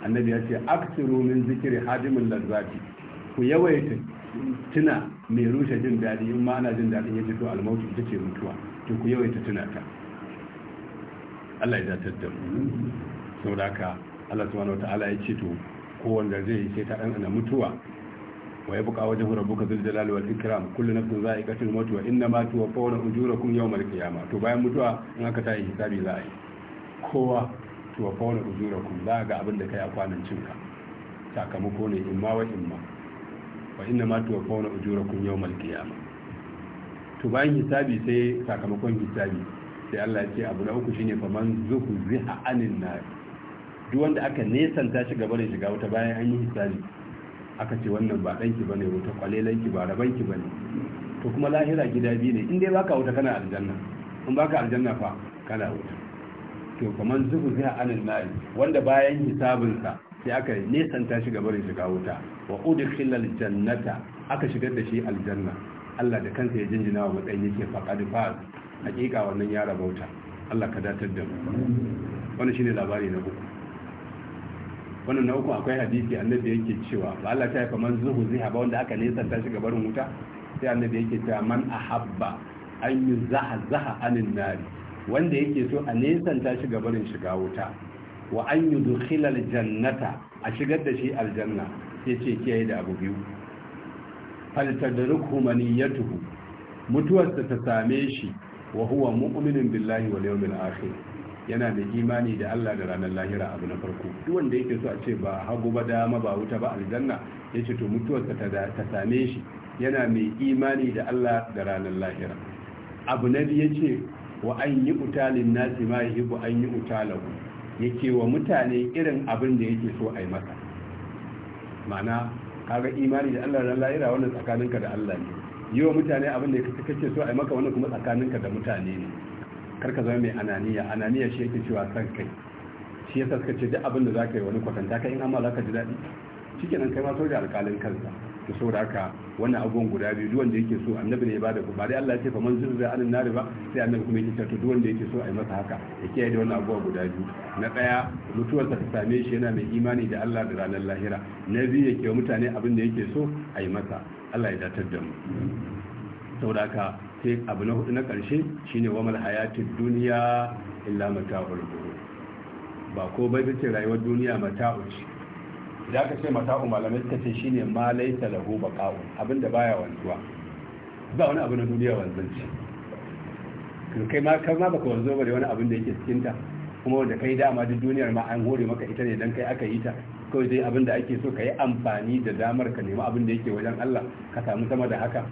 annabi ya ce aksiru min zikiri hadimin lazzati ku yawaita tuna mai rushe jin daɗi in ma ana jin daɗin ya to almautu ita ce mutuwa to ku yawaita tuna ta Allah ya datar da mu saboda Allah subhanahu wata'ala ya ce to ko wanda zai sai ta dan ana mutuwa wa ya buka wajen rabbuka zul jalali wal ikram kullu nafsin za'iqatul maut wa inna ma tuwaffawna ujurakum yawmal qiyamah to bayan mutuwa in aka tayi hisabi za a yi kowa tuwaffawna ujurakum za ga abin da kai a kwanan cinka sakamako ne imma wa imma wa inna ma tuwaffawna ujurakum yawmal qiyamah to bayan hisabi sai sakamakon hisabi sai Allah ya ce abu na uku shine faman zuhziha anin nar duk wanda aka nesanta shi gaba da shiga wata bayan an yi hisabi aka ce wannan ba ɗanki ba ne wata kwalelanki ba rabanki ba ne to kuma lahira gida biyu ne in dai baka wuta kana aljanna in baka aljanna fa kana wuta to kamar zuhu zai anil nari wanda bayan hisabinsa sai aka nesanta shi gaba da shiga wuta wa udkhilal jannata aka shigar da shi aljanna Allah da kansa ya jinjina wa matsayin yake faqad faz hakika wannan ya rabauta Allah ka datar da mu wannan shine labari na uku wannan na uku akwai hadisi annabi yake cewa ba Allah ta yi faman zuhu ziha ba wanda aka tashi ga barin wuta sai annabi yake cewa man ahabba an yi zaha zaha anin nari wanda yake so a tashi ga barin shiga wuta wa an yi dukhilal jannata a shigar da shi aljanna sai ce kiyaye da abu biyu ya tuhu, mutuwarsa ta same shi wa huwa mu'minin billahi wal yawmil akhir yana da imani da Allah da ranar lahira abu na farko duk wanda yake so a ce ba hagu ba dama ba wuta ba aljanna yace to mutuwarsa ta same shi yana mai imani da Allah da ranar lahira abu na biyu yace wa an yi utalin nasi ma yuhibbu an yi utalahu yake wa mutane irin abin da yake so a yi masa ma'ana kaga imani da Allah da lahira wannan tsakaninka da Allah ne yi wa mutane abin da kake so a yi maka wannan kuma tsakaninka da mutane ne karka zama mai ananiya ananiya shi yake cewa san kai shi yasa suka ce duk abin da zaka yi wani kwatanta ka in amma zaka ji daɗi shikenan kai ma soja alƙalin kansa to saboda haka wannan abubuwan guda biyu duk wanda yake so annabi ne ya bada ku ba dai Allah ya ce fa man zurza anan nari ba sai annabi kuma yake cewa duk wanda yake so a yi masa haka ya kiyaye da wannan abubuwa guda biyu na daya mutuwarsa ta same shi yana mai imani da Allah da ranar lahira na biyu yake wa mutane abin da yake so a yi masa Allah ya datar da mu saboda haka sai abu na hudu na karshe shine wa mal duniya dunya illa mata'ul ba ko bai ce rayuwar duniya mata'u ce da aka ce mata'u malamai suka ce shine ma laita lahu baqa'u abinda baya wanzuwa ba wani abu na duniya wanzanci kan kai ma kan ma baka wanzo bare wani abin da yake cikin ta kuma wanda kai dama duk duniyar ma an hore maka ita ne dan kai aka yi ta kawai dai abin da ake so ka yi amfani da damar ka nemi abin da yake wajen Allah ka samu sama da haka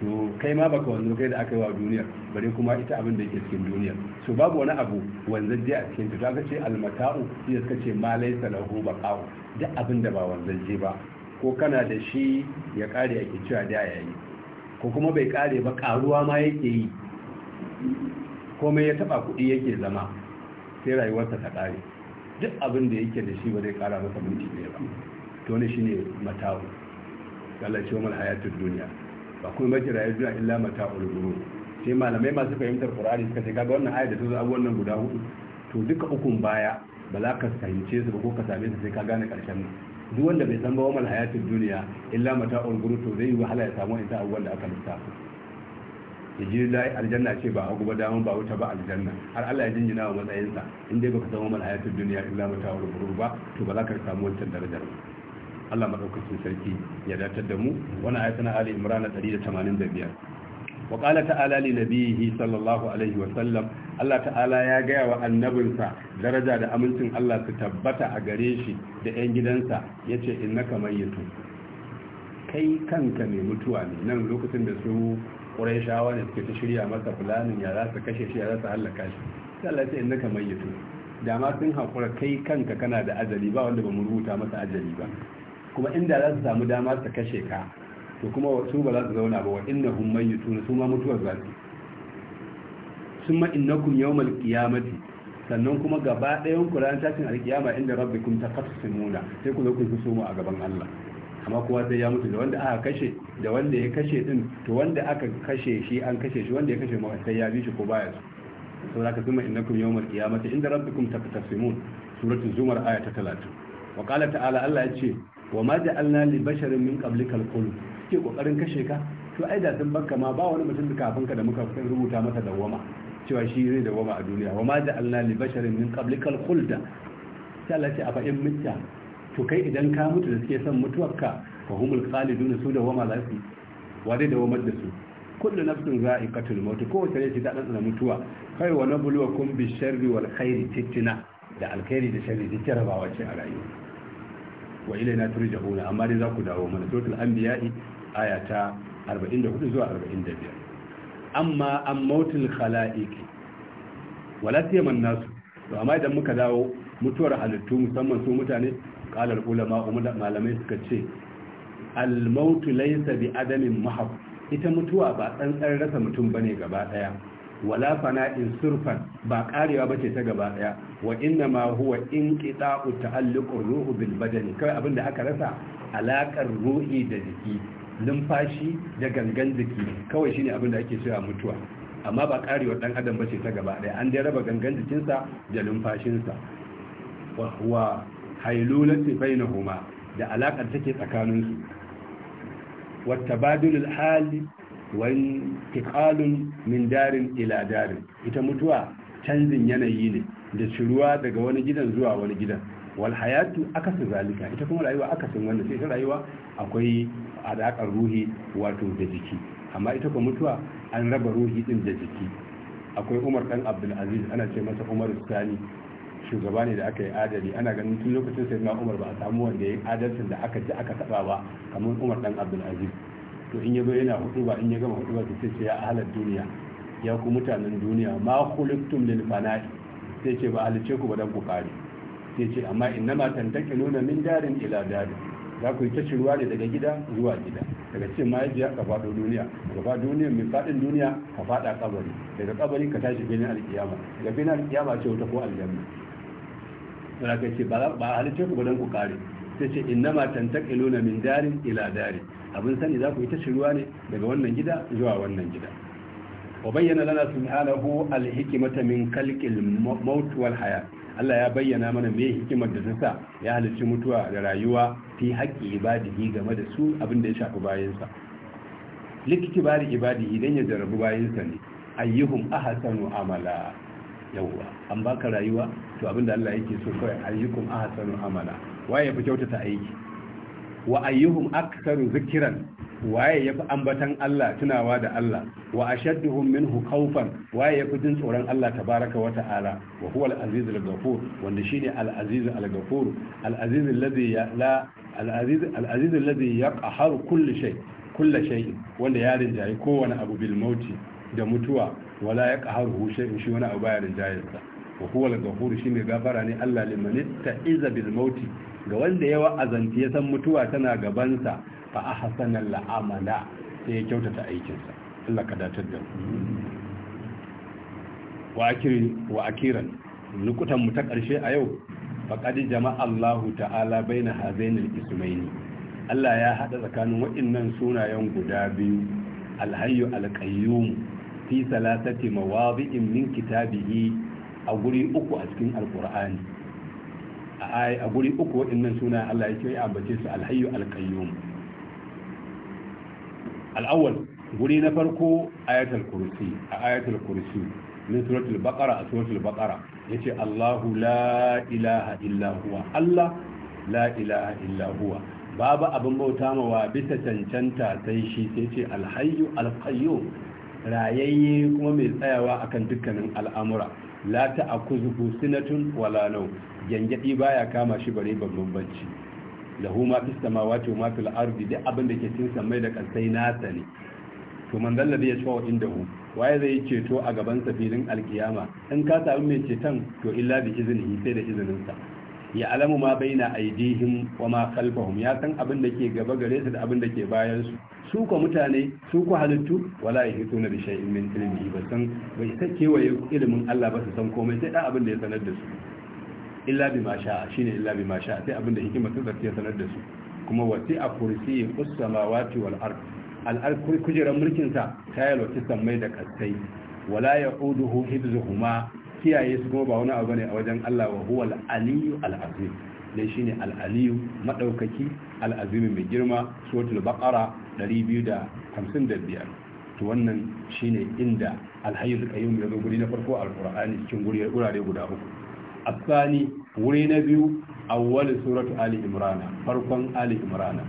to kai ma baka wanzu kai da aka yi wa duniyar bare kuma ita abin da yake cikin duniyar to babu wani abu je a cikin ta ka ce almata'u shi suka ce ma laisa lahu baqa'u duk abin da ba je ba ko kana da shi ya kare yake cewa da yayi ko kuma bai kare ba karuwa ma yake yi komai ya taba kuɗi yake zama sai rayuwarsa ta kare duk abin da yake da shi ba zai kara masa minti ɗaya ba to ne shine mata'u Allah ce wa mal duniya ba kuma majira ya zuwa illa mata ulguru sai malamai masu fahimtar qur'ani suka ce kaga wannan ayat da ta abubuwan nan guda hudu to duka ukun baya ba za ka fahimce su ba ko ka same su sai ka gane karshen duk wanda bai san ba wa malhayatin duniya illa mata ulguru to zai yi wahala ya samu ita abubuwan da aka lissafa ya da aljanna ce ba hagu ba daman ba wuta ba aljanna har Allah ya jinjina wa matsayinsa in dai baka san wa malhayatin duniya illa mata ulguru ba to ba za ka samu wancan darajar ba Allah madaukakin sarki ya datar da mu wannan ayatu na Ali Imran 185 wa qala ta'ala li nabiyhi sallallahu alaihi wa sallam Allah ta'ala ya gaya wa annabinsa daraja da amincin Allah su tabbata a gare shi da ƴan gidansa yace innaka mayyitun kai kanka mai mutuwa ne nan lokacin da su Qurayshawa ne suke ta shirya masa fulanin ya za su kashe shi ya za su hallaka shi sai Allah ya ce innaka mayyitun da ma sun haƙura kai kanka kana da ajali ba wanda ba mu rubuta masa ajali ba kuma inda za su samu dama su kashe ka to kuma su ba za su zauna ba wa inna hum mayyitun su ma mutuwa za su kun innakum yawmal qiyamati sannan kuma gaba ɗayan ku ran tashin alkiyama inda rabbikum taqassimuna sai ku zo ku mu a gaban Allah amma kowa sai ya mutu da wanda aka kashe da wanda ya kashe din to wanda aka kashe shi an kashe shi wanda ya kashe ma sai ya bi shi ko baya su saboda ka kun innakum yawmal qiyamati inda rabbikum taqassimun suratul zumar aya ta 30 wa qala ta'ala Allah ya ce wa ma ja'alna li basharin min qablika al-qul ke kokarin kashe ka to ai da sun banka ma ba wani mutum da kafin ka da muka rubuta masa dawama cewa shi zai dawama a duniya wa ma ja'alna li basharin min qablika al-khulda sai Allah ce a fa in mutta to kai idan ka mutu da suke son mutuwarka fa humul khaliduna su dawama za su wa dai dawamar da su kullu nafsin za'iqatul maut kowace rai ce ta dan mutuwa kai wa nabluwakum bi sharri wal khairi titina da alkhairi da sharri tittara ba ce a rayuwa wa ilaina turja'una amma dai za ku dawo mana suratul anbiya'i aya ta 44 zuwa 45 amma an mautul khala'iq wala tiyaman nasu to amma idan muka dawo mutuwar halittu musamman su mutane qala ulama malamai suka ce al mautu laysa bi adamin mahab ita mutuwa ba tsantsan rasa mutum bane gaba daya wala fana'in surfan ba karewa bace ta gaba daya wa inna ma huwa inqita'u ta'alluqur ruhu bil badani kai abinda aka rasa alaƙar ruhi da jiki numfashi da gangan jiki kawai shine abinda ake cewa mutuwa amma ba karewa dan adam bace ta gaba daya an dai raba gangan jikinsa da numfashinsa wa huwa haylulati bainahuma da alakar take tsakaninsu wa tabadulul hali wantiqalun min darin ila darin ita mutuwa canjin yanayi ne da ciruwa daga wani gidan zuwa wani gidan wal hayatu akasin zalika ita kuma rayuwa akasin wannan sai rayuwa akwai alaƙar ruhi wato da jiki amma ita kuma mutuwa an raba ruhi din da jiki akwai umar dan Abdul aziz ana ce masa umar sani shugaba ne da aka yi adali ana ganin tun lokacin sai na umar ba a samu wanda ya yi adalcin da aka ji aka taba ba kamar umar dan Abdul aziz. to in ya zo yana hudu ba in ya gama hudu ba sai ce ya ahalar duniya ya ku mutanen duniya ma kulittum lil fana'i sai ce ba halice ku ba dan ku kare sai ce amma inna ma tantake nuna min darin ila dadi. za ku yi ta shirwa ne daga gida zuwa gida daga cikin mahaifiya ka faɗo duniya Ka faɗo duniya min faɗin duniya ka faɗa kabari daga kabari ka tashi filin alkiyama daga filin alkiyama ce wata ko aljanna da ka ce ba halice ku ba dan ku kare sai ce inna ma tantaqiluna min darin ila dari abin sani za ku yi ta shiruwa ne daga wannan gida zuwa wannan gida wa bayyana lana subhanahu al-hikmata min khalqil maut wal haya Allah ya bayyana mana me hikimar da ta ya halicci mutuwa da rayuwa fi haƙƙi ibadihi game da su abin da ya shafi bayansa likiti bari ibadihi idan ya jarabu bayansa ne ayyuhum ahsanu amala yawwa an baka rayuwa to abin da Allah yake so kai, ayyukum ahsanu amala waye fi kyautata aiki wa ayyuhum aktsaru zikran waye yafi ambatan Allah tunawa da Allah wa ashadduhum minhu khawfan waye yafi jin tsoron Allah tabaraka wa ta'ala wa huwa al-aziz al-ghafur wanda shine al-aziz al-ghafur al-aziz alladhi la al-aziz al-aziz alladhi yaqharu kulli shay kulli shay wanda ya rinjayi kowane abu bil mauti da mutuwa wala yaqharu shay shi wani abu ya rinjaye wa huwa al-ghafur shine gafara ne Allah liman ta'iza bil mauti ga wanda yawa azanti ya san mutuwa tana gabansa fa ahsana al-amala sai ya kyautata aikinsa Allah ka datar da wa akiri wa akiran nukutan mu ta karshe a yau faqad jama'a Allahu ta'ala baina hazainil ismaini Allah ya hada tsakanin waɗannan sunayen guda biyu alhayyu qayyum fi salasati mawadi'in min kitabihi a guri uku a cikin alkur'ani a guri uku waɗannan suna Allah ya ce ya ambace su alhayyu alqayyum al'awwal guri na farko ayatul kursi a ayatul kursi min suratul baqara a suratul baqara yace Allahu la ilaha illa huwa Allah la ilaha illa huwa babu abin bauta mawa bisa cancanta sai shi sai ce alhayyu alqayyum rayayye kuma mai tsayawa akan dukkanin al'amura la akuzuhu sinatun wala nau gangadi baya kama shi bare babban bacci lahu ma fis samawati wa ma fil ardi duk abin da ke cikin samai da kansai nasa ne to man dalla da yashfa inda hu waye zai ceto a gaban sa filin alkiyama in ka samu mai ceton to illa bi iznihi sai da izinin sa ya alamu ma baina aidihim wa ma khalfahum ya san abin da ke gaba gare su da abin da ke bayan su su kwa mutane su kwa halittu wala yahituna da shay'in min ilimi ba san bai ta kewaye ilimin Allah ba su san komai sai da abin da ya sanar da su illa ma sha'a shine illa ma sha'a sai abin da hikima ta zarce sanar da su kuma wati a kursi samawati wal ard al ard kujeran mulkin sa kayalo ta samai da kasai wala ya'uduhu hibzuhuma kiyaye su kuma ba wani abu ne a wajen Allah wa huwa al-aliyyu al-azim dai shine al aliyu madaukaki al-azim mai girma suratul baqara 255 to wannan shine inda alhayyul qayyum ya zo guri na farko alqur'ani cikin guri guda uku asani wuri na biyu awwal suratu ali imran farkon ali imran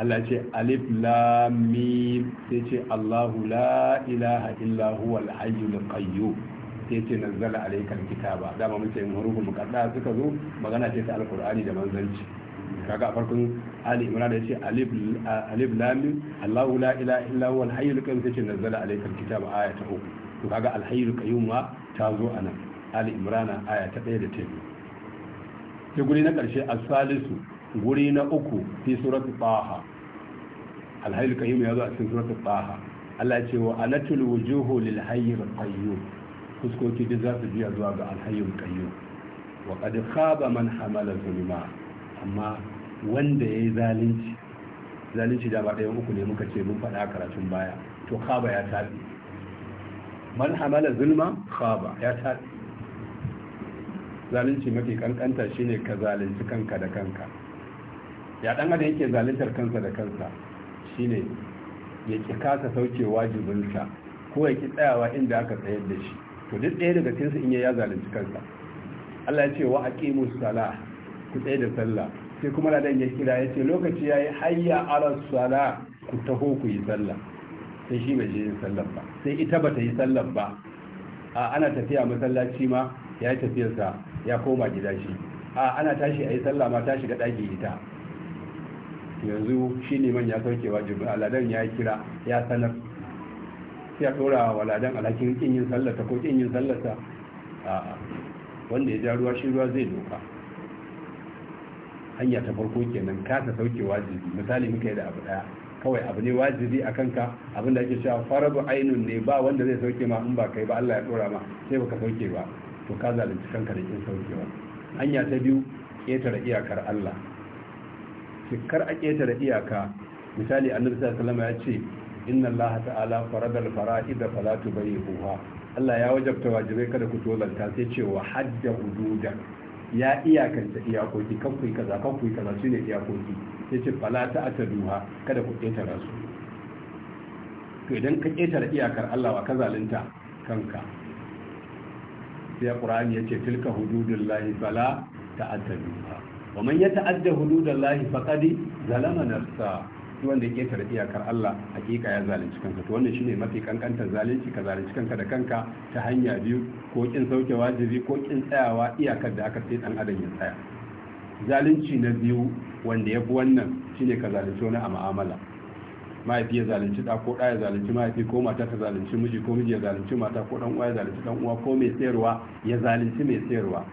Allah ce alif lam mim sai ce Allahu la ilaha illa huwa alhayyul qayyum sai ce nazzala alayka alkitaba dama muke yin mu suka zo magana ce ta alqur'ani da manzanci kaga a farkon ali imran ya ce alif lam allahu la ilaha illa huwa al-hayyul qayyum sai ce nazzala alayka al-kitaba ayata uku to kaga al-hayyul qayyum ma ta zo anan ali imran aya ta 1 da ta 2 sai guri na karshe a salisu guri na uku fi suratul taha al-hayyul qayyum ya zo a cikin suratul taha Allah ya ce wa alatul wujuhu lil hayyul qayyum fuskoki duk za su biya zuwa ga al-hayyul qayyum wa qad khaba man hamala zulma amma wanda ya yi zalunci zalunci da ba ɗaya uku ne muka ce mun faɗa karatun baya to khaba ya tabi man hamala zulma khaba ya tabi zalunci mafi kankanta shine ka zalunci kanka da kanka ya dan adam yake zaluntar kansa da kansa shine ya ki kasa sauke wajibinsa ko ya ki tsayawa inda aka tsayar da shi to duk ɗaya daga cikinsu in ya zalunci kansa Allah ya ce wa aqimus salah ku tsaye da sallah sai kuma ladan ya kira ya ce lokaci ya yi hayya ala sala ku taho ku yi sallah sai shi bai je yin sallah ba sai ita ba ta yi sallah ba a ana tafiya masallaci ma ya yi tafiyarsa ya koma gida shi a ana tashi a yi sallah ma ta shiga ɗaki ita yanzu shi neman ya saukewa jibril aladan ya kira ya sanar sai ya ɗora wa ladan alhakin kin yin ta ko kin yin sallarta a wanda ya ja ruwa shi ruwa zai doka hanya ta farko kenan ka ta sauke wajibi misali muka yi da abu daya kawai abu ne wajibi a kanka abin da ake cewa farabu ainun ne ba wanda zai sauke ma in ba kai ba Allah ya dora ma sai baka sauke ba to ka zalunci kanka da kin saukewa hanya ta biyu ketare iyakar Allah kar a ketare iyaka misali annabi sallallahu alaihi ya ce inna Allah ta'ala faradal fa la tubayyihuha Allah ya wajabta wajibai kada ku tolanta sai ce wa hadda hududan ya iyakanta iyakoki kan ku kaza kan ku kaza shine iyakoki ce bala ta duha, kada ku ketara su to idan ka ketara iyakar Allah wa ka zalunta kanka sai Qur'ani ce tilka hududullahi fala duha. wa man yata'adda hududallahi faqad zalama nafsa wanda ya ketara iyakar Allah hakika ya zalunci kanka to wannan shine mafi kankantar zalunci ka zalunci kanka da kanka ta hanya biyu ko kin sauke wajibi ko kin tsayawa iyakar da aka sai dan adam ya tsaya zalunci na biyu wanda ya fi wannan shine ka zalunci wani a mu'amala mahaifi ya zalunci da ko ɗaya zalunci mahaifi ko mata ta zalunci miji ko miji ya zalunci mata ko ɗan uwa ya zalunci ɗan uwa ko mai sayarwa ya zalunci mai sayarwa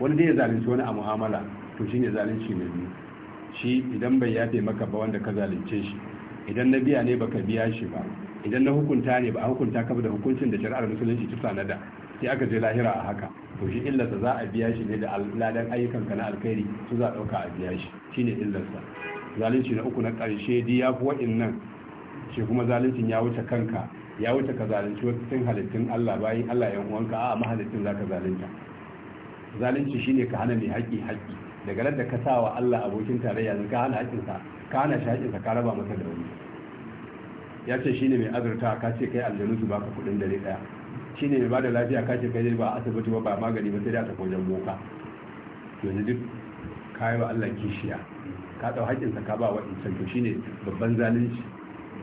wani dai ya zalunci wani a mu'amala to shine zalunci na biyu shi idan bai yafe maka ba wanda ka zalunce shi idan na biya ne baka biya shi ba idan na hukunta ne ba a hukunta ka da hukuncin da shari'ar musulunci ta tanada sai aka je lahira a haka to shi illarsa za a biya shi ne da ladan ayyukanka na alkhairi su za a ɗauka a biya shi shine illarsa zalunci na uku na ƙarshe di ya fi wa'innan shi kuma zaluncin ya wuce kanka ya wuce ka zalunci wasu cikin halittun Allah bayan Allah yan uwanka a mahalittin za ka zalunta zalunci shi ne ka hana mai haƙƙi haƙƙi daga nan da ka sa wa Allah abokin tarayya yanzu ka hana haƙƙinsa ka hana shi haƙƙinsa ka raba masa da wani ya ce shi ne mai azurta ka ce kai aljanu su baka kuɗin dare ɗaya ne ba da lafiya ka ce kai ba a asibiti ba ba magani ba sai da ta kojan boka yanzu duk kayi wa Allah kishiya ka dau haƙƙin sa ka ba wa insan to ne babban zalunci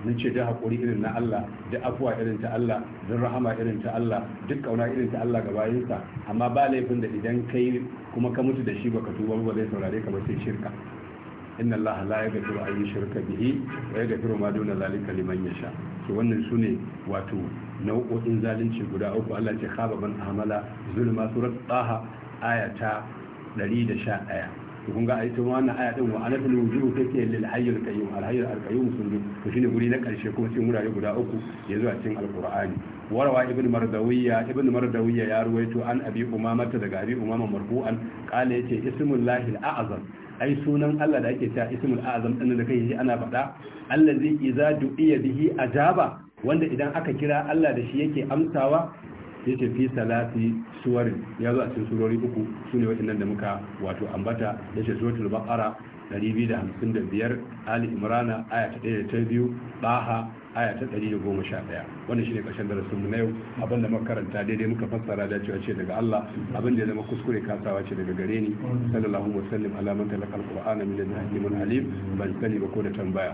mun ce da hakuri irin na Allah da afuwa irin ta Allah da rahama irin ta Allah duk kauna irin ta Allah ga bayinsa amma ba laifin da idan kai kuma ka mutu da shi baka tuba ba zai saurare ka ba sai shirka inna Allah la yaghfiru an shirka bihi wa yaghfiru ma duna zalika liman yasha to wannan sune wato nau'o'in zalunci guda uku Allah ce khaba man amala zulma surat taha aya ta 111 to kun ga a ita wannan aya din wa anatul wujuhu take lil hayyul qayyum al hayyul al qayyum sun to shine guri na karshe kuma cikin wurare guda uku yanzu a cikin alqur'ani warawa ibn mardawiya ibn mardawiya ya ruwaito an abi umama ta daga abi umama marfu'an qala yace ismul lahil a'zam ai sunan Allah da ake cewa ismul a'zam din da kai ana faɗa allazi idza du'iya bihi ajaba wanda idan aka kira Allah da shi yake amsawa ya ce fi salati suwarin ya zo a cikin surori uku su ne waɗannan da muka wato ambata ya ce suratul baqara 255 ali imrana aya ta 1 ta 2 baha aya ta 111 wannan shine ƙarshen darasin mu na yau abin muka karanta daidai muka fassara da cewa ce daga Allah abin da ya zama kuskure kasawa ce daga gare ni sallallahu alaihi wasallam ala man talaqa alqur'ana min al-hakim alim ban sani ba ko da tambaya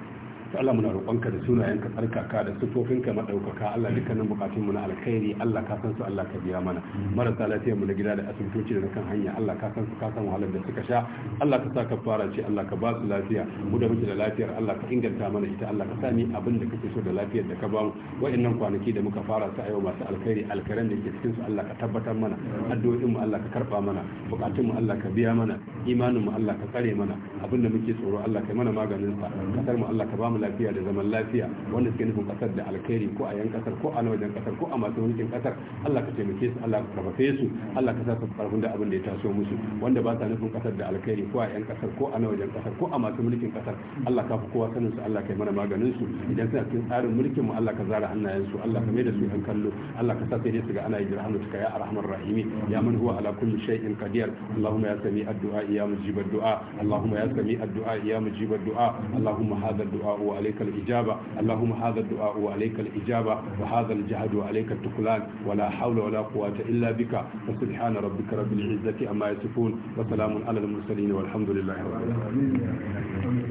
to Allah muna roƙonka da sunayenka tsarkaka da sufofinka madaukaka Allah dukkanin bukatun mu na alkhairi Allah ka san su Allah ka biya mana marasa lafiya mu na gida da asibitoci da kan hanya Allah ka san su ka san wahalar da suka sha Allah ka sa fara ce Allah ka ba su lafiya mu da muke da lafiyar Allah ka inganta mana ita Allah ka sami abin da kake so da lafiyar da ka ba mu wa'annan kwanaki da muka fara sa yau masu alkhairi alkaran da ke cikin su Allah ka tabbatar mana addu'o'in mu Allah ka karba mana bukatun mu Allah ka biya mana imanin mu Allah ka tsare mana abin da muke tsoro Allah ka mana maganin sa kasar mu Allah ka ba mu lafiya da zaman lafiya wanda suke nufin kasar da alkhairi ko a yan kasar ko a na wajen kasar ko a masu mulkin kasar Allah ka taimake su Allah ka karfafe su Allah ka sa su karfin da abin da ya taso musu wanda ba sa nufin kasar da alkhairi ko a yan kasar ko a na wajen kasar ko a masu mulkin kasar Allah ka fi kowa sanin su Allah ka yi mana maganin su idan suna cikin tsarin mulkin mu Allah ka zara hannayen su Allah ka mai da su yan kallo Allah ka sa sai dai su ga ana yi rahmatuka ya arhamar rahimi ya man huwa ala kulli shay'in qadir اللهم يا سميع الدعاء يا مجيب الدعاء اللهم يا سميع الدعاء يا مجيب الدعاء اللهم هذا الدعاء وعليك الإجابة اللهم هذا الدعاء وعليك الإجابة وهذا الجهد وعليك التكلان ولا حول ولا قوة إلا بك وسبحان ربك رب العزة أما يصفون وسلام على المرسلين والحمد لله رب العالمين